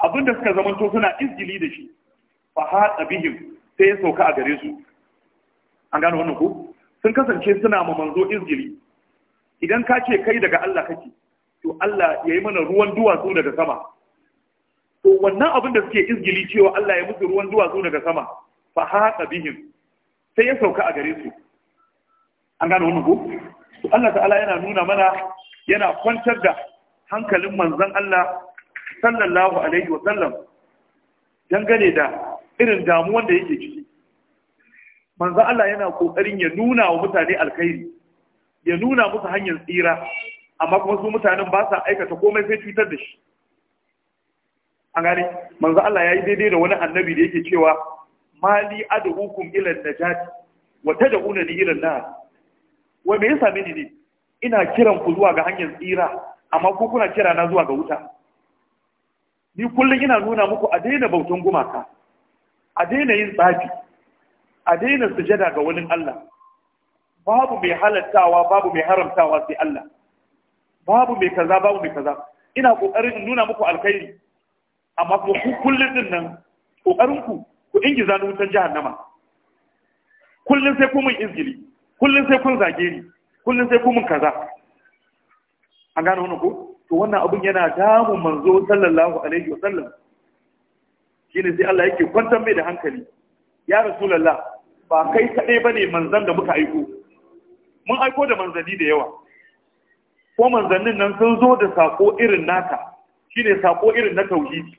abinda suka zamanto suna izgili da shi fa haɗa bihim sai ya sauka a gare su an gano wannan ko sun kasance suna ma manzo izgili idan ka ce kai daga Allah kake to Allah ya yi mana ruwan duwatsu daga sama to wannan abin da suke izgili cewa Allah ya musu ruwan duwatsu daga sama fa haqa bihim sai ya sauka a gare su an gano wannan ko to Allah ta'ala yana nuna mana yana kwantar da hankalin manzon Allah sallallahu alaihi wa sallam dangane da irin damuwan da yake ciki manzo Allah yana kokarin ya nuna wa mutane alkhairi ya nuna musu hanyar tsira amma kuma su mutanen ba sa aikata komai sai cutar da shi an gane manzo Allah yayi daidai da wani annabi da yake cewa mali ad'ukum ila najat wa tad'unani ila nar wa me yasa mini ne ina kiran ku zuwa ga hanyar tsira amma ku kuna kira na zuwa ga wuta ni kullum ina nuna muku a daina bautan gumaka a daina yin tsafi a daina sujada ga wani Allah babu mai halattawa babu mai haramtawa sai Allah babu mai kaza babu mai kaza ina kokarin in nuna muku alkhairi amma kuma ku kullum din nan kokarin ku ku ingiza ni wutan jahannama kullum sai ku mun izgili kullum sai kun zage ni kullum sai ku mun kaza an gano wannan ko to wannan abin yana damun manzo sallallahu alaihi wa sallam shine sai Allah yake kwantar mai da hankali ya rasulullah ba kai kadai bane manzon da muka aiko mun aiko da manzani da yawa ko manzannin nan sun zo da sako irin naka shine sako irin na tauhidi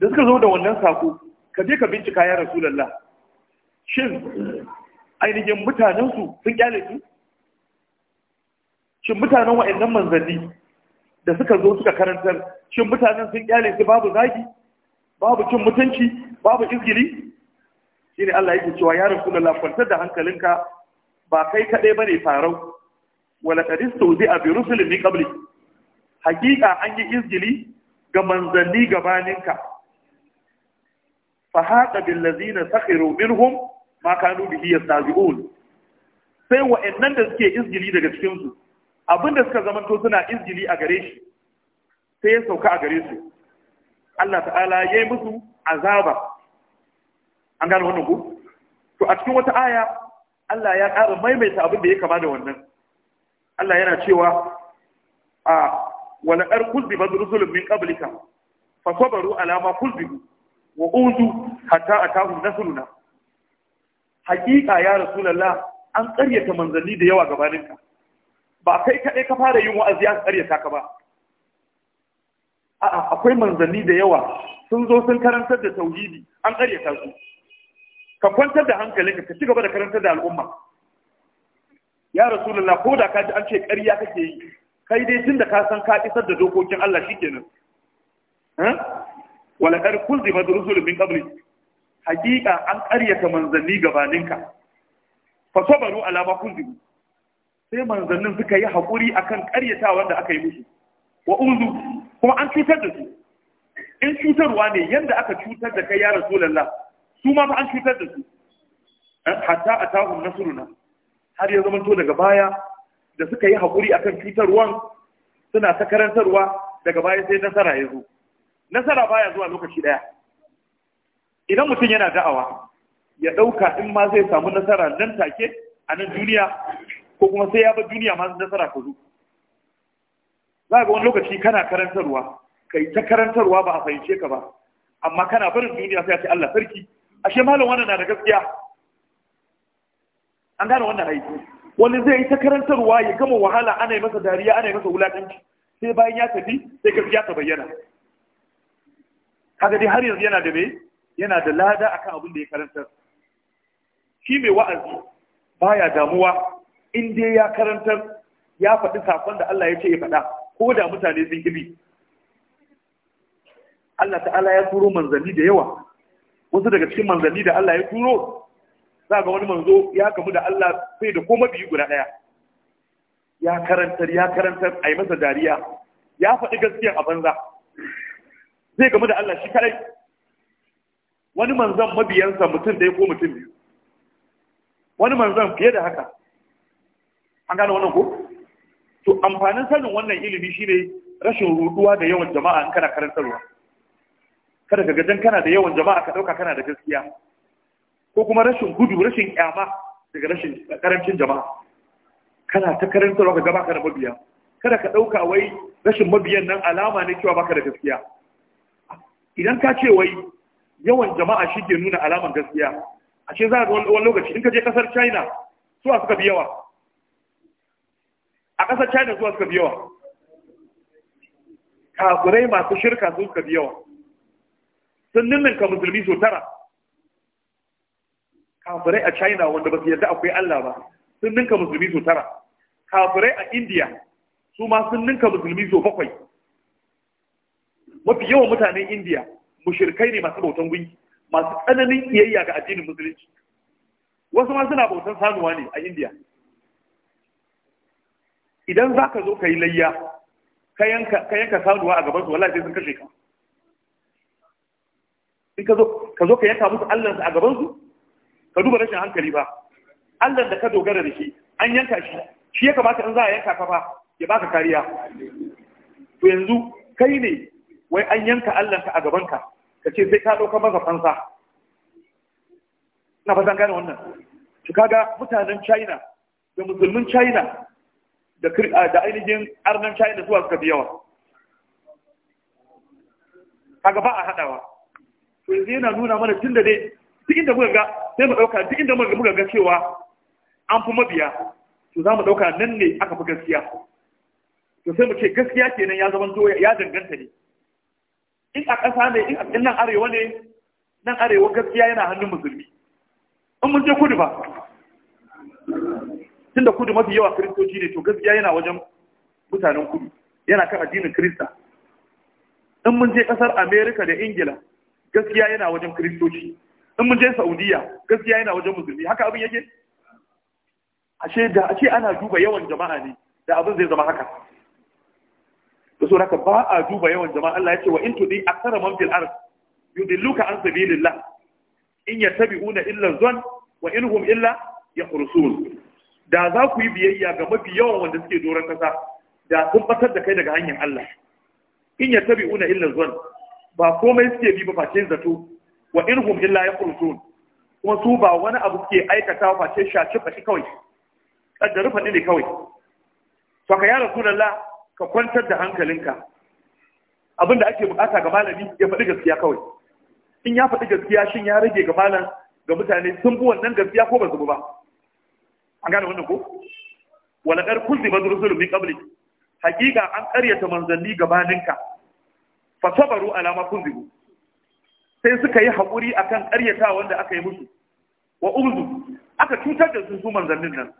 da suka zo da wannan sako ka je ka bincika ya rasulullah shin ainihin mutanensu sun kyale su shin mutanen wa'annan manzanni da suka zo suka karantar shin mutanen sun kyale su babu zagi babu cin mutunci babu izgili shine Allah yake cewa ya da lafantar da hankalinka ba kai kadai bane farau wala qad istawzi'a bi rusulin min qabli hakika an yi izgili ga manzanni gabaninka fa bil ladzina sakhiru minhum ma kanu bihi yastazi'un sai wa'annan da suke izgili daga cikinsu. Abin da suka zamanto suna izgili a gare shi sai ya sauka a gare su Allah ta'ala ya yi musu azaba an gane wannan ku to a cikin wata aya Allah ya ƙara maimaita abin da ya kama da wannan Allah yana cewa a wala ar kuziba rusul min qablika fa sabaru ala ma kuzibu wa uzu hatta atahu nasruna haqiqa ya rasulullah an ƙaryata manzanni da yawa gabaninka ba kai kaɗai ka fara yin wa'azi ya karyata ka ba a'a akwai manzanni da yawa sun zo sun karantar da tauhidi an ta su ka kwantar da hankalinka ka ci gaba da karantar da al'umma ya rasulullah ko da ka ji an ce ƙarya kake yi kai dai tun da ka san ka isar da dokokin Allah shi kenan wala kar kulli madrusul min qabli hakika an ƙaryata manzanni gabaninka fa sobaru alama ma sai manzannin suka yi haƙuri akan ƙaryata da aka yi musu wa kuma an cutar da su in cutarwa ne yadda aka cutar da kai ya rasu lalla su ma fa an cutar da su eh, hatta atahum nasruna har ya zamanto daga baya da suka yi haƙuri akan cutarwan suna ta karantarwa daga baya sai nasara ya zo nasara baya zuwa lokaci ɗaya idan mutum yana da'awa ya ɗauka in ma zai samu nasara nan take a nan duniya ko kuma sai ya bar duniya masu nasara ka zo za ga wani lokaci kana karantarwa ka yi ta karantarwa ba a fahimce ka ba amma kana barin duniya sai a ce Allah sarki ashe malam wannan na da gaskiya an gane wannan aiki wani zai yi ta karantarwa ya gama wahala ana yi masa dariya ana yi masa wulaƙanci sai bayan ya tafi sai gaskiya ta bayyana kaga dai har yanzu yana da me yana da lada akan abin da ya karantar shi mai wa'azi baya damuwa in dai ya karantar ya faɗi sakon da Allah ya ce ya faɗa ko da mutane sun gibi Allah ta'ala ya turo manzanni da yawa wasu daga cikin manzanni da Allah ya turo za ga wani manzo ya gamu da Allah sai da koma biyu guda ɗaya ya karantar ya karantar a yi masa dariya ya faɗi gaskiya a banza zai gamu da Allah shi kadai wani manzan mabiyansa mutum ɗaya ko mutum biyu wani manzan fiye da haka an gano wannan ko to amfanin sanin wannan ilimi shine rashin ruduwa da yawan jama'a in kana karantarwa kada ka gajan kana da yawan jama'a ka dauka kana da gaskiya ko kuma rashin gudu rashin kyama daga rashin karancin jama'a kana ta karantarwa ka gaba ka da mabiya kada ka dauka wai rashin mabiyan nan alama ne cewa baka da gaskiya idan ka ce wai yawan jama'a shi ke nuna alaman gaskiya a ce za ga wani lokaci in ka je kasar china su a suka fi yawa ƙasar china zuwa suka biyawa yawa kafirai masu shirka zuwa suka biyawa yawa sun ninninka musulmi so tara kafirai a china wanda ba su yarda akwai allah ba sun ninka musulmi so tara kafirai a india su ma sun ninka musulmi so bakwai mafi yawan mutanen india mushirkai ne masu bautan gunki masu tsananin iyayya ga addinin musulunci wasu ma suna bautan sanuwa ne a india idan za ka zo ka yi layya ka yanka saduwa a gabansu wallahi sai sun kashe ka in ka zo ka yanka musu allansu a gabansu ka duba rashin hankali ba allan da ka dogara da shi an yanka shi shi ya kamata in za a yanka ka fa ya baka kariya to yanzu kai ne wai an yanka allanka a gabanka ka ce sai ka ɗauka masa fansa na fasan gane wannan to kaga mutanen china da musulmin china Ah, da ainihin arnan china da suwa suka fi yawa kaga ba a haɗawa to yanzu yana nuna mana tun da dai duk inda muka ga sai mu ɗauka duk inda muka ga cewa an fi mabiya to za mu ɗauka nan ne aka fi gaskiya to sai mu ce gaskiya kenan ya zama zo ya danganta ne in a ƙasa ne in nan arewa ne nan arewa gaskiya yana hannun musulmi in mun je kudu ba tunda kudu mafi yawa kristoci ne to gaskiya yana wajen mutanen kudu yana kan addinin krista in mun je kasar america da ingila gaskiya yana wajen kristoci in mun je saudiya gaskiya yana wajen musulmi haka abin yake ashe da ashe ana duba yawan jama'a ne da abin zai zama haka da so haka ba a duba yawan jama'a Allah ya ce wa in tudi akthara man fil ard yudilluka an sabilillah in yattabi'una illa zon wa in hum illa yakhrusun da za ku yi biyayya ga mafi yawan wanda suke doron kasa da sun batar da kai daga hanyar Allah in ya tabi una illa zuwan, ba komai suke bi ba face zato wa irhum illa ya kurtun kuma su ba wani abu suke aikata ba face shaci fashi kawai kaddari faɗi ne kawai to ka ya rasulullah ka kwantar da hankalinka abinda ake bukata ga malami ya faɗi gaskiya kawai in ya faɗi gaskiya shin ya rage ga malam ga mutane sun bi wannan gaskiya ko ba su ba an gane wannan ko wala kar kuzi badrusul min qabli hakika an karyata manzanni gabaninka fa sabaru ala ma kunzibu sai suka yi hakuri akan karyata wanda aka yi musu wa umzu aka cutar da su su manzannin nan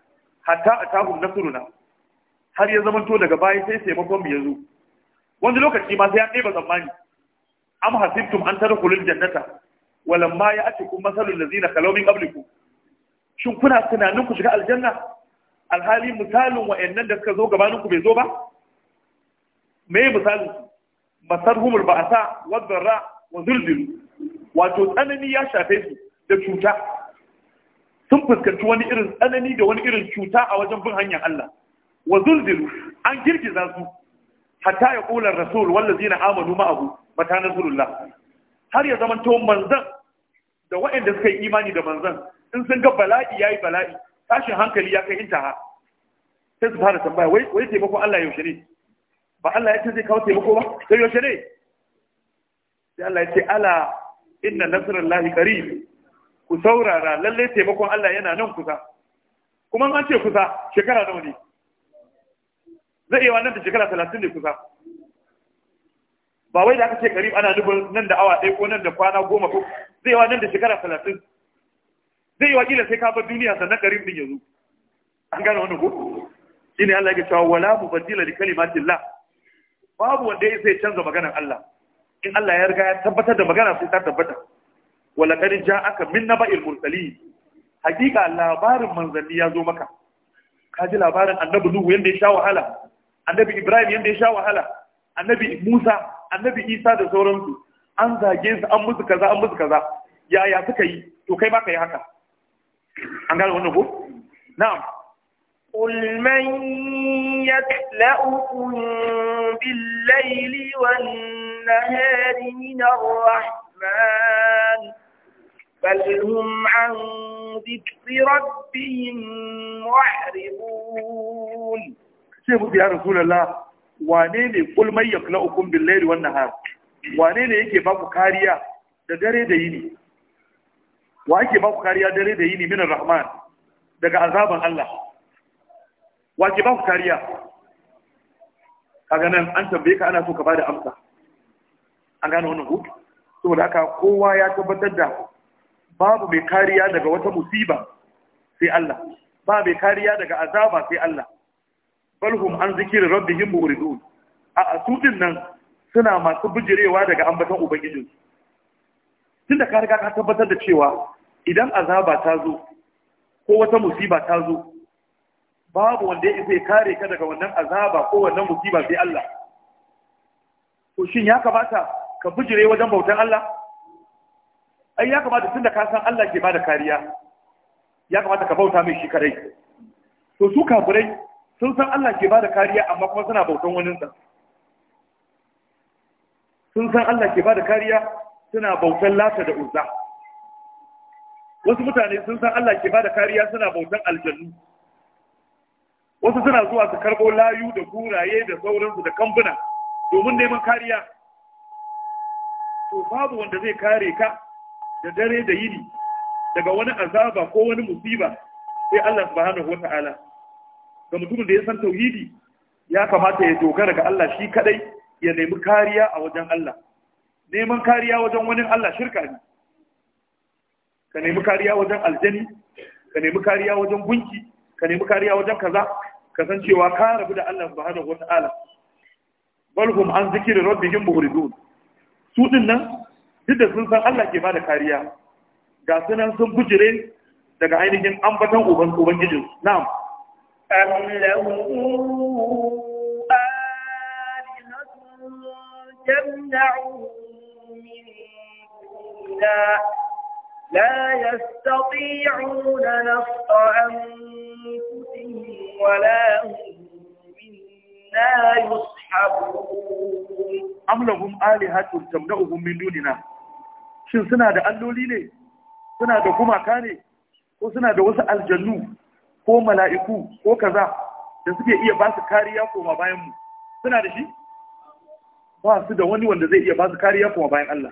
hatta atahum nasruna har ya zamanto daga baya sai taimakon ya zo wani lokaci ma sai an ba tsammani am hasibtum an tadkhulul jannata walamma ya'tikum masalul ladzina khalaw min qablikum shin kuna tunanin ku shiga aljanna alhali misalin wa'annan da suka zo gabaninku bai zo ba me misalin su masarhumul ba'asa wadda wa zulzulu wato tsanani ya shafe su da cuta sun fuskanci wani irin tsanani da wani irin cuta a wajen bin hanyar Allah wa zulzulu an girgiza su hatta ya kula rasul wallazina amanu abu, mata nasrullah har ya zamanto manzan da waɗanda suka yi imani da manzan in sun ga bala'i ya yi bala'i tashin hankali ya kai intaha sai su fara tambaya wai wai taimako Allah yaushe ne ba Allah ya ce zai kawo taimako ba sai yaushe ne sai Allah ya ce ala inna nasrullahi qarib ku saurara lalle taimakon Allah yana nan kusa kuma an ce kusa shekara nawa ne zai yi nan da shekara talatin ne kusa ba wai da aka ce karib ana nufin nan da awa ɗaya ko nan da kwana goma ko zai yi nan da shekara talatin zai yi wakila sai ka bar duniya sannan ɗarin din ya zo an gane wannan ko ne Allah yake cewa wala mubaddila li kalimatillah babu wanda ya sai canza maganar Allah in Allah ya riga ya tabbatar da magana sai ta tabbata wala kad ja'aka min naba'il mursali hakika labarin manzanni ya zo maka ka ji labarin annabi Nuhu yanda ya sha wahala annabi Ibrahim yanda ya sha wahala annabi Musa annabi Isa da sauransu an zage su an musu kaza an musu kaza yaya suka yi to kai ma ka yi haka an gane wannan ko na'am قل من يكلأكم بالليل والنهار من الرحمن بل هم عن ذكر ربهم محرمون سيبوا يا رسول الله وانيني قل من يكلأكم بالليل والنهار وانيني يجي باب كاريا da dare da yini wa ake ba ku kariya dare da yini minar rahman daga azaban Allah wa ake ba ku kariya kaga nan an tambaye ka ana so ka bada amsa an gane wannan ku saboda haka kowa ya tabbatar da babu mai kariya daga wata musiba sai Allah ba mai kariya daga azaba sai Allah balhum an zikiri rabbihim muridun a asudin nan suna masu bijirewa daga ambaton ubangijinsu tunda ka riga ka tabbatar da cewa idan azaba ta zo ko wata musiba ta zo babu wanda ya isa ya kare ka daga wannan azaba ko wannan musiba sai Allah ko shin ya kamata ka bijire wajen bautan Allah ai ya kamata tunda ka san Allah ke bada kariya ya kamata ka bauta mai shi kadai to su kafirai sun san Allah ke bada kariya amma kuma suna bautan wani sun san Allah ke bada kariya suna bautan lata da uzza wasu mutane sun san Allah ke bada kariya suna bautan aljannu wasu suna zuwa su karbo layu da guraye da sauransu da kambuna domin neman kariya to babu wanda zai kare ka da dare da yini daga wani azaba ko wani musiba sai Allah subhanahu wata'ala ga mutumin da ya san tauhidi ya kamata ya dogara ga Allah shi kadai ya nemi kariya a wajen Allah neman kariya wajen wani Allah shirka ne ka nemi kariya wajen aljani ka nemi kariya wajen gunki ka nemi kariya wajen kaza ka san cewa ka rabu da Allah subhanahu wata'ala balhum an zikiri rabbihim muhridun su din nan duk da sun san Allah ke bada kariya ga nan sun bujire daga ainihin ambaton uban ubangijin na'am am lahu آلهة تمنعهم منا لا يستطيعون نصر أنفسهم ولا هم منا يصحبون أم لهم آلهة تمنعهم من دوننا shin suna da alloli ne suna da gumaka ne ko suna da wasu aljannu ko mala'iku ko kaza da suke iya ba su kariya koma bayan mu suna da shi ba su da wani wanda zai iya ba su kariya koma bayan Allah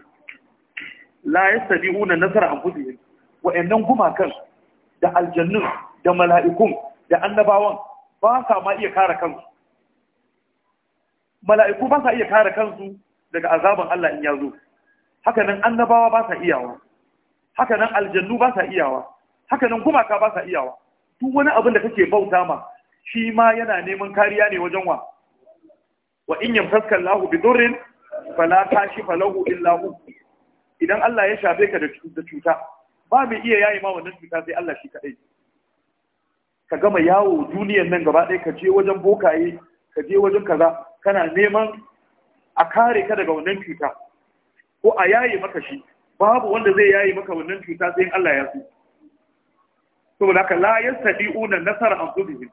la yastadi'una nasara anfusihim wa'annan gumakan da aljannun da mala'ikun da annabawan ba sa ma iya kare kansu mala'iku ba sa iya kare kansu daga azaban Allah in yazo haka nan annabawa ba sa iyawa haka nan aljannu ba sa iyawa haka nan gumaka ba sa iyawa duk wani abin da kake bauta ma shi ma yana neman kariya ne wajen wa wa in yamsaka bidurrin fala kashifa lahu illa hu idan Allah ya shafe ka da cuta ba mai iya yayi ma wannan cuta sai Allah shi kadai ka gama yawo duniyar nan gaba ɗaya ka je wajen bokaye ka je wajen kaza kana neman a kare ka daga wannan cuta ko a ya'yi maka shi babu wanda zai ya'yi maka wannan cuta sai in Allah ya so saboda ka la yastadi'una nasara anfusihim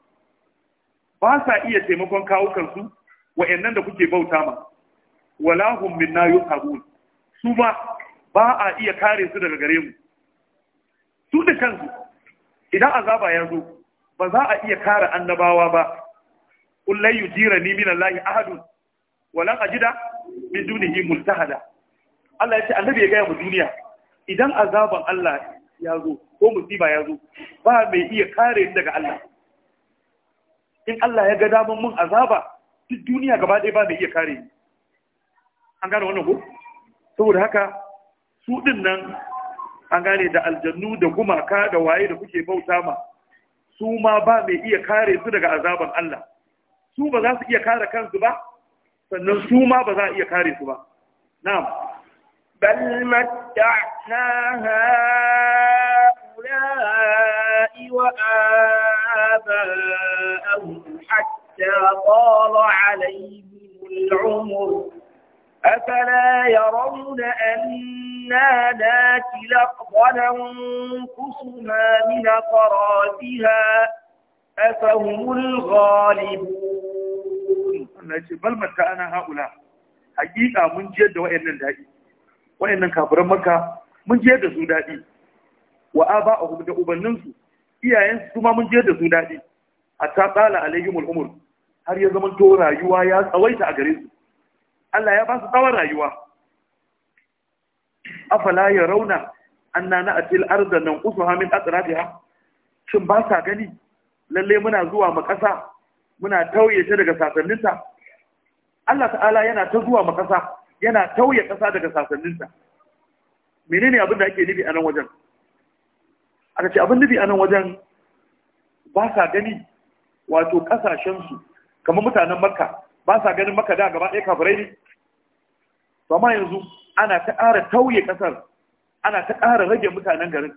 ba sa iya taimakon kawo kansu wa'annan da kuke bauta ma wala hum minna yuhabun su ba ba a iya kare su daga gare mu su da kansu idan azaba ya zo ba za a iya kare annabawa ba kullai yujira ni min Allah ahadun walan ajida min dunihi multahada Allah ya ce annabi ya gaya mu duniya idan azaban Allah ya zo ko musiba ya zo ba mai iya kare ni daga Allah in Allah ya ga daman mun azaba duk duniya gaba ɗaya ba mai iya kare ni an gane wannan ko saboda haka su din nan an gane da aljannu da gumaka da waye da kuke bauta ma su ma ba mai iya kare su daga azaban Allah su ba za su iya kare kansu ba sannan su ma ba za a iya kare su ba na'am bal matta'na ha'ula'i wa aba'ahum hatta qala 'alayhim al'umr afala yarawna ذات لقبلا انقصنا من قرابها أفهم الغالبون أنا بل متى أنا هؤلاء حقيقة من جد وإن الدائي وإن كابر مكة من جد سودائي وآباءهم da ubanninsu iyayensu kuma mun je da su daɗi hatta tsala alaihimul umur har ya zama to rayuwa ya tsawaita a gare su Allah ya ba su tsawon rayuwa afala ya rauna an na atil arda nan usu hamin biya shin ba sa gani lalle muna zuwa ma ƙasa muna tauye ta daga sasanninta Allah ta'ala yana ta zuwa ma ƙasa yana tauye ƙasa daga sasanninta menene abin da ake nufi a nan wajen aka ce abin nufi a nan wajen ba sa gani wato su, kamar mutanen makka ba sa ganin makka da gaba ɗaya kafirai ne ba ma yanzu ana ta ƙara tauye ƙasar ana ta ƙara rage mutanen garin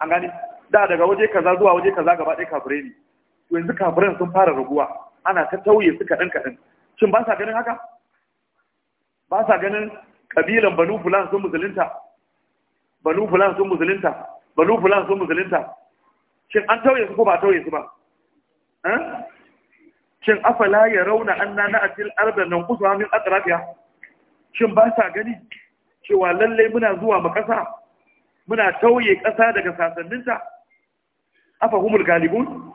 an gani da daga waje kaza zuwa waje kaza gaba ɗaya kafirai ne to yanzu kafiran sun fara raguwa ana ta tauye su kaɗan kaɗan shin ba sa ganin haka ba sa ganin ƙabilan banu fulan sun musulunta banu fulan sun musulunta banu fulan sun musulunta shin an tauye su ko ba tauye su ba eh? shin afala ya rauna an na na'atil arda nan kusa min atrafiya shin ba sa gani cewa lalle muna zuwa ma ƙasa muna tauye ƙasa daga sasanninta afa humul galibun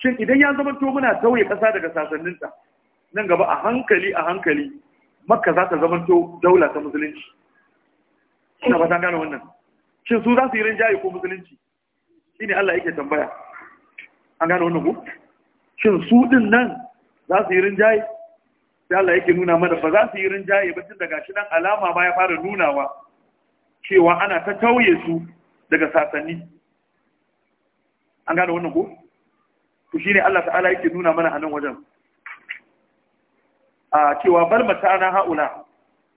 shin idan ya zama to muna tauye ƙasa daga sasanninta nan gaba a hankali a hankali makka za ta zama to daula ta musulunci ina ba ta gane wannan shin su za su yi rinjaye ko musulunci shine Allah yake tambaya an gane wannan ko shin su din nan za su yi rinjaye sai Allah yake nuna mana ba za su yi rinjaye ba tun daga shi nan alama ba ya fara nunawa cewa ana ta tauye su daga sasanni an gane wannan ko shi ne Allah ta'ala yake nuna mana a nan wajen a cewa bal mata'ana haula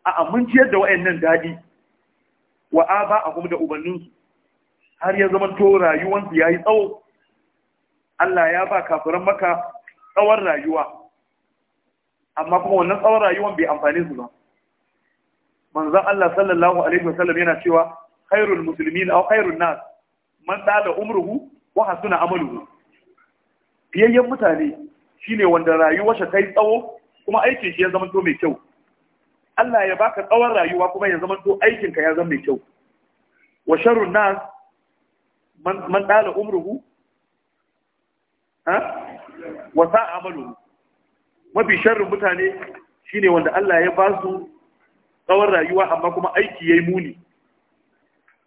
a yadda da nan daɗi. Wa'a ba a kuma da ubanninsu har ya zama to rayuwansu ya yi tsawo Allah ya ba kafiran maka tsawon rayuwa amma kuma wannan tsawon rayuwar bai amfane su ba manzon Allah sallallahu alaihi wasallam yana cewa khairul muslimin aw khairun nas man da umruhu wa hasuna amaluhu fiyayyen mutane shine wanda rayuwar shi kai tsawo kuma aikin shi ya zama to mai kyau Allah ya baka tsawon rayuwa kuma ya zama to aikin ka ya zama mai kyau wa sharrun nas man man umruhu ha wa sa'a amaluhu mafi sharrin mutane shine wanda Allah ya basu su tsawon rayuwa amma kuma aiki ya yi muni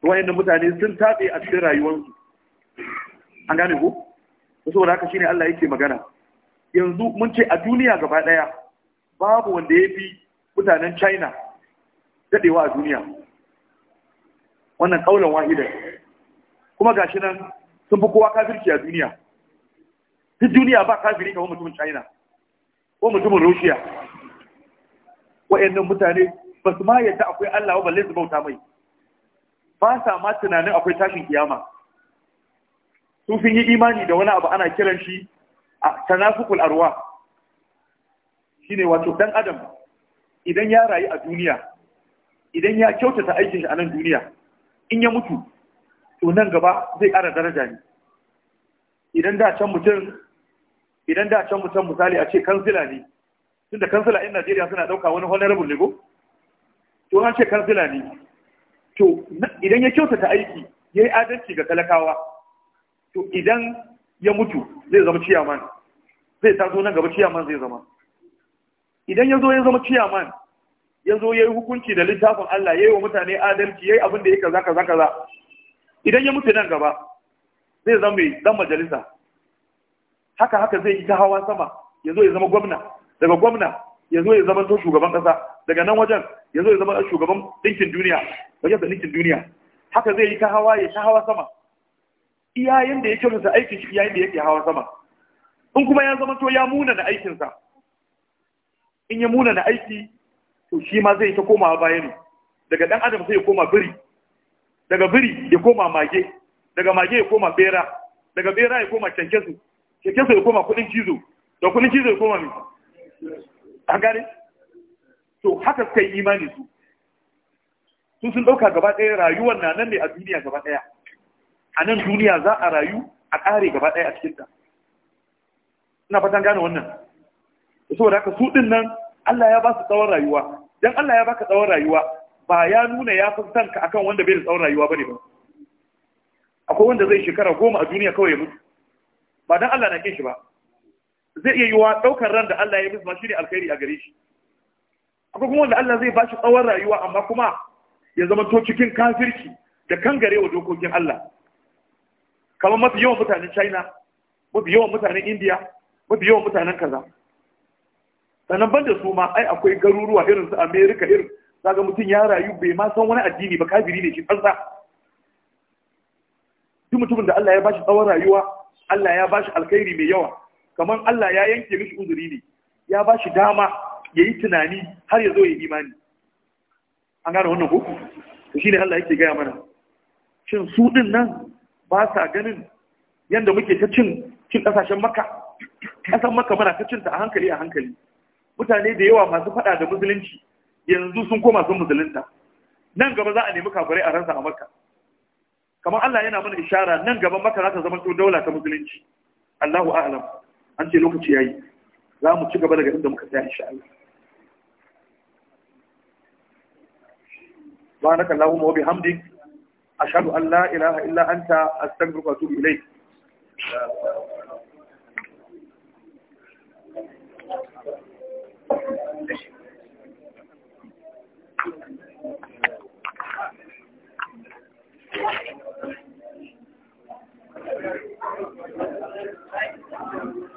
wayannan mutane sun tabe a cikin rayuwarsu an gane ko saboda haka shine Allah yake magana yanzu mun ce a duniya gaba daya babu wanda ya fi mutanen China dadewa a duniya wannan kaulan wahidan kuma gashi nan sun fi kowa kafirci a duniya duk duniya ba kafiri kamar mutumin China ko mutumin rushiya Wa'yannan mutane ba su ma yadda akwai Allah ba balle su bauta mai ba sa ma tunanin akwai tashin kiyama su sun yi imani da wani abu ana kiran shi a tanafukul arwa shine wato dan adam idan ya rayu a duniya idan ya kyautata aikin shi a nan duniya in ya mutu to nan gaba zai ƙara daraja ne idan da can mutum idan da can mutum misali a ce kansila ne tunda kansila in Najeriya suna dauka wani honorable ne ko to an ce kansila ne to idan ya kyautata aiki ya yi adalci ga talakawa to idan ya mutu zai zama ciyaman zai taso nan gaba ciyaman zai zama idan ya zo ya zama ciyaman ya zo ya yi hukunci da littafin Allah ya yi wa mutane adalci ya yi abin da ya kaza kaza kaza idan ya mutu nan gaba zai zama mai dan majalisa haka haka zai yi ta hawa sama ya zo ya zama gwamna daga gwamna ya zo ya zama to shugaban kasa daga nan wajen ya zo ya zama shugaban ɗinkin duniya wajen da ɗinkin duniya haka zai yi ta hawa ya ta hawa sama iyayen da yake kyautata aikin shi iyayen da yake hawa sama in kuma ya zama to ya muna na aikinsa in ya muna da aiki to shi ma zai ta komawa baya ne daga ɗan adam sai ya koma biri daga biri ya koma mage daga mage ya koma bera daga bera ya koma cankesu keken sai koma kudin cizo da kudin cizo ya koma ne a gane to haka suka yi imani su su sun dauka gaba daya rayuwar na nan ne a duniya gaba daya a nan duniya za a rayu a kare gaba daya a cikin ta ina fatan gane wannan saboda haka su din nan Allah ya ba su tsawon rayuwa dan Allah ya baka tsawon rayuwa ba ya nuna ya fi san ka akan wanda bai da tsawon rayuwa bane ba akwai wanda zai shekara goma a duniya kawai ya mutu ba dan Allah na kin shi ba zai iya yiwa daukar ran da Allah ya yi musu shine alkhairi a gare shi akwai kuma wanda Allah zai bashi tsawon rayuwa amma kuma ya zama to cikin kafirci da kangarewa dokokin Allah kamar mafi yawan mutanen China mafi yawan mutanen India mafi yawan mutanen kaza sannan banda su ma ai akwai garuruwa irin su America irin zaga mutum ya rayu bai ma san wani addini ba kafiri ne shi kansa duk mutumin da Allah ya bashi tsawon rayuwa Allah ya bashi alkhairi mai yawa kamar Allah ya yanke mishi uzuri ne ya bashi dama ya yi tunani har ya zo ya yi imani an gane wannan hukum to shine Allah yake gaya mana shin su din nan ba sa ganin yanda muke ta cin cin kasashen Makka kasan Makka muna ta cin ta a hankali a hankali mutane da yawa masu faɗa da musulunci yanzu sun koma sun musulunta nan gaba za a nemi kafirai a ransa a Makka kamar Allah yana mana ishara nan gaban maka za ta zama to daula ta musulunci Allahu a'lam an ce lokaci yayi za mu ci gaba daga inda muka tsaya insha Allah سبحانك اللهم وبحمدك أشهد أن لا إله إلا أنت أستغفرك وأتوب إليك Thank you.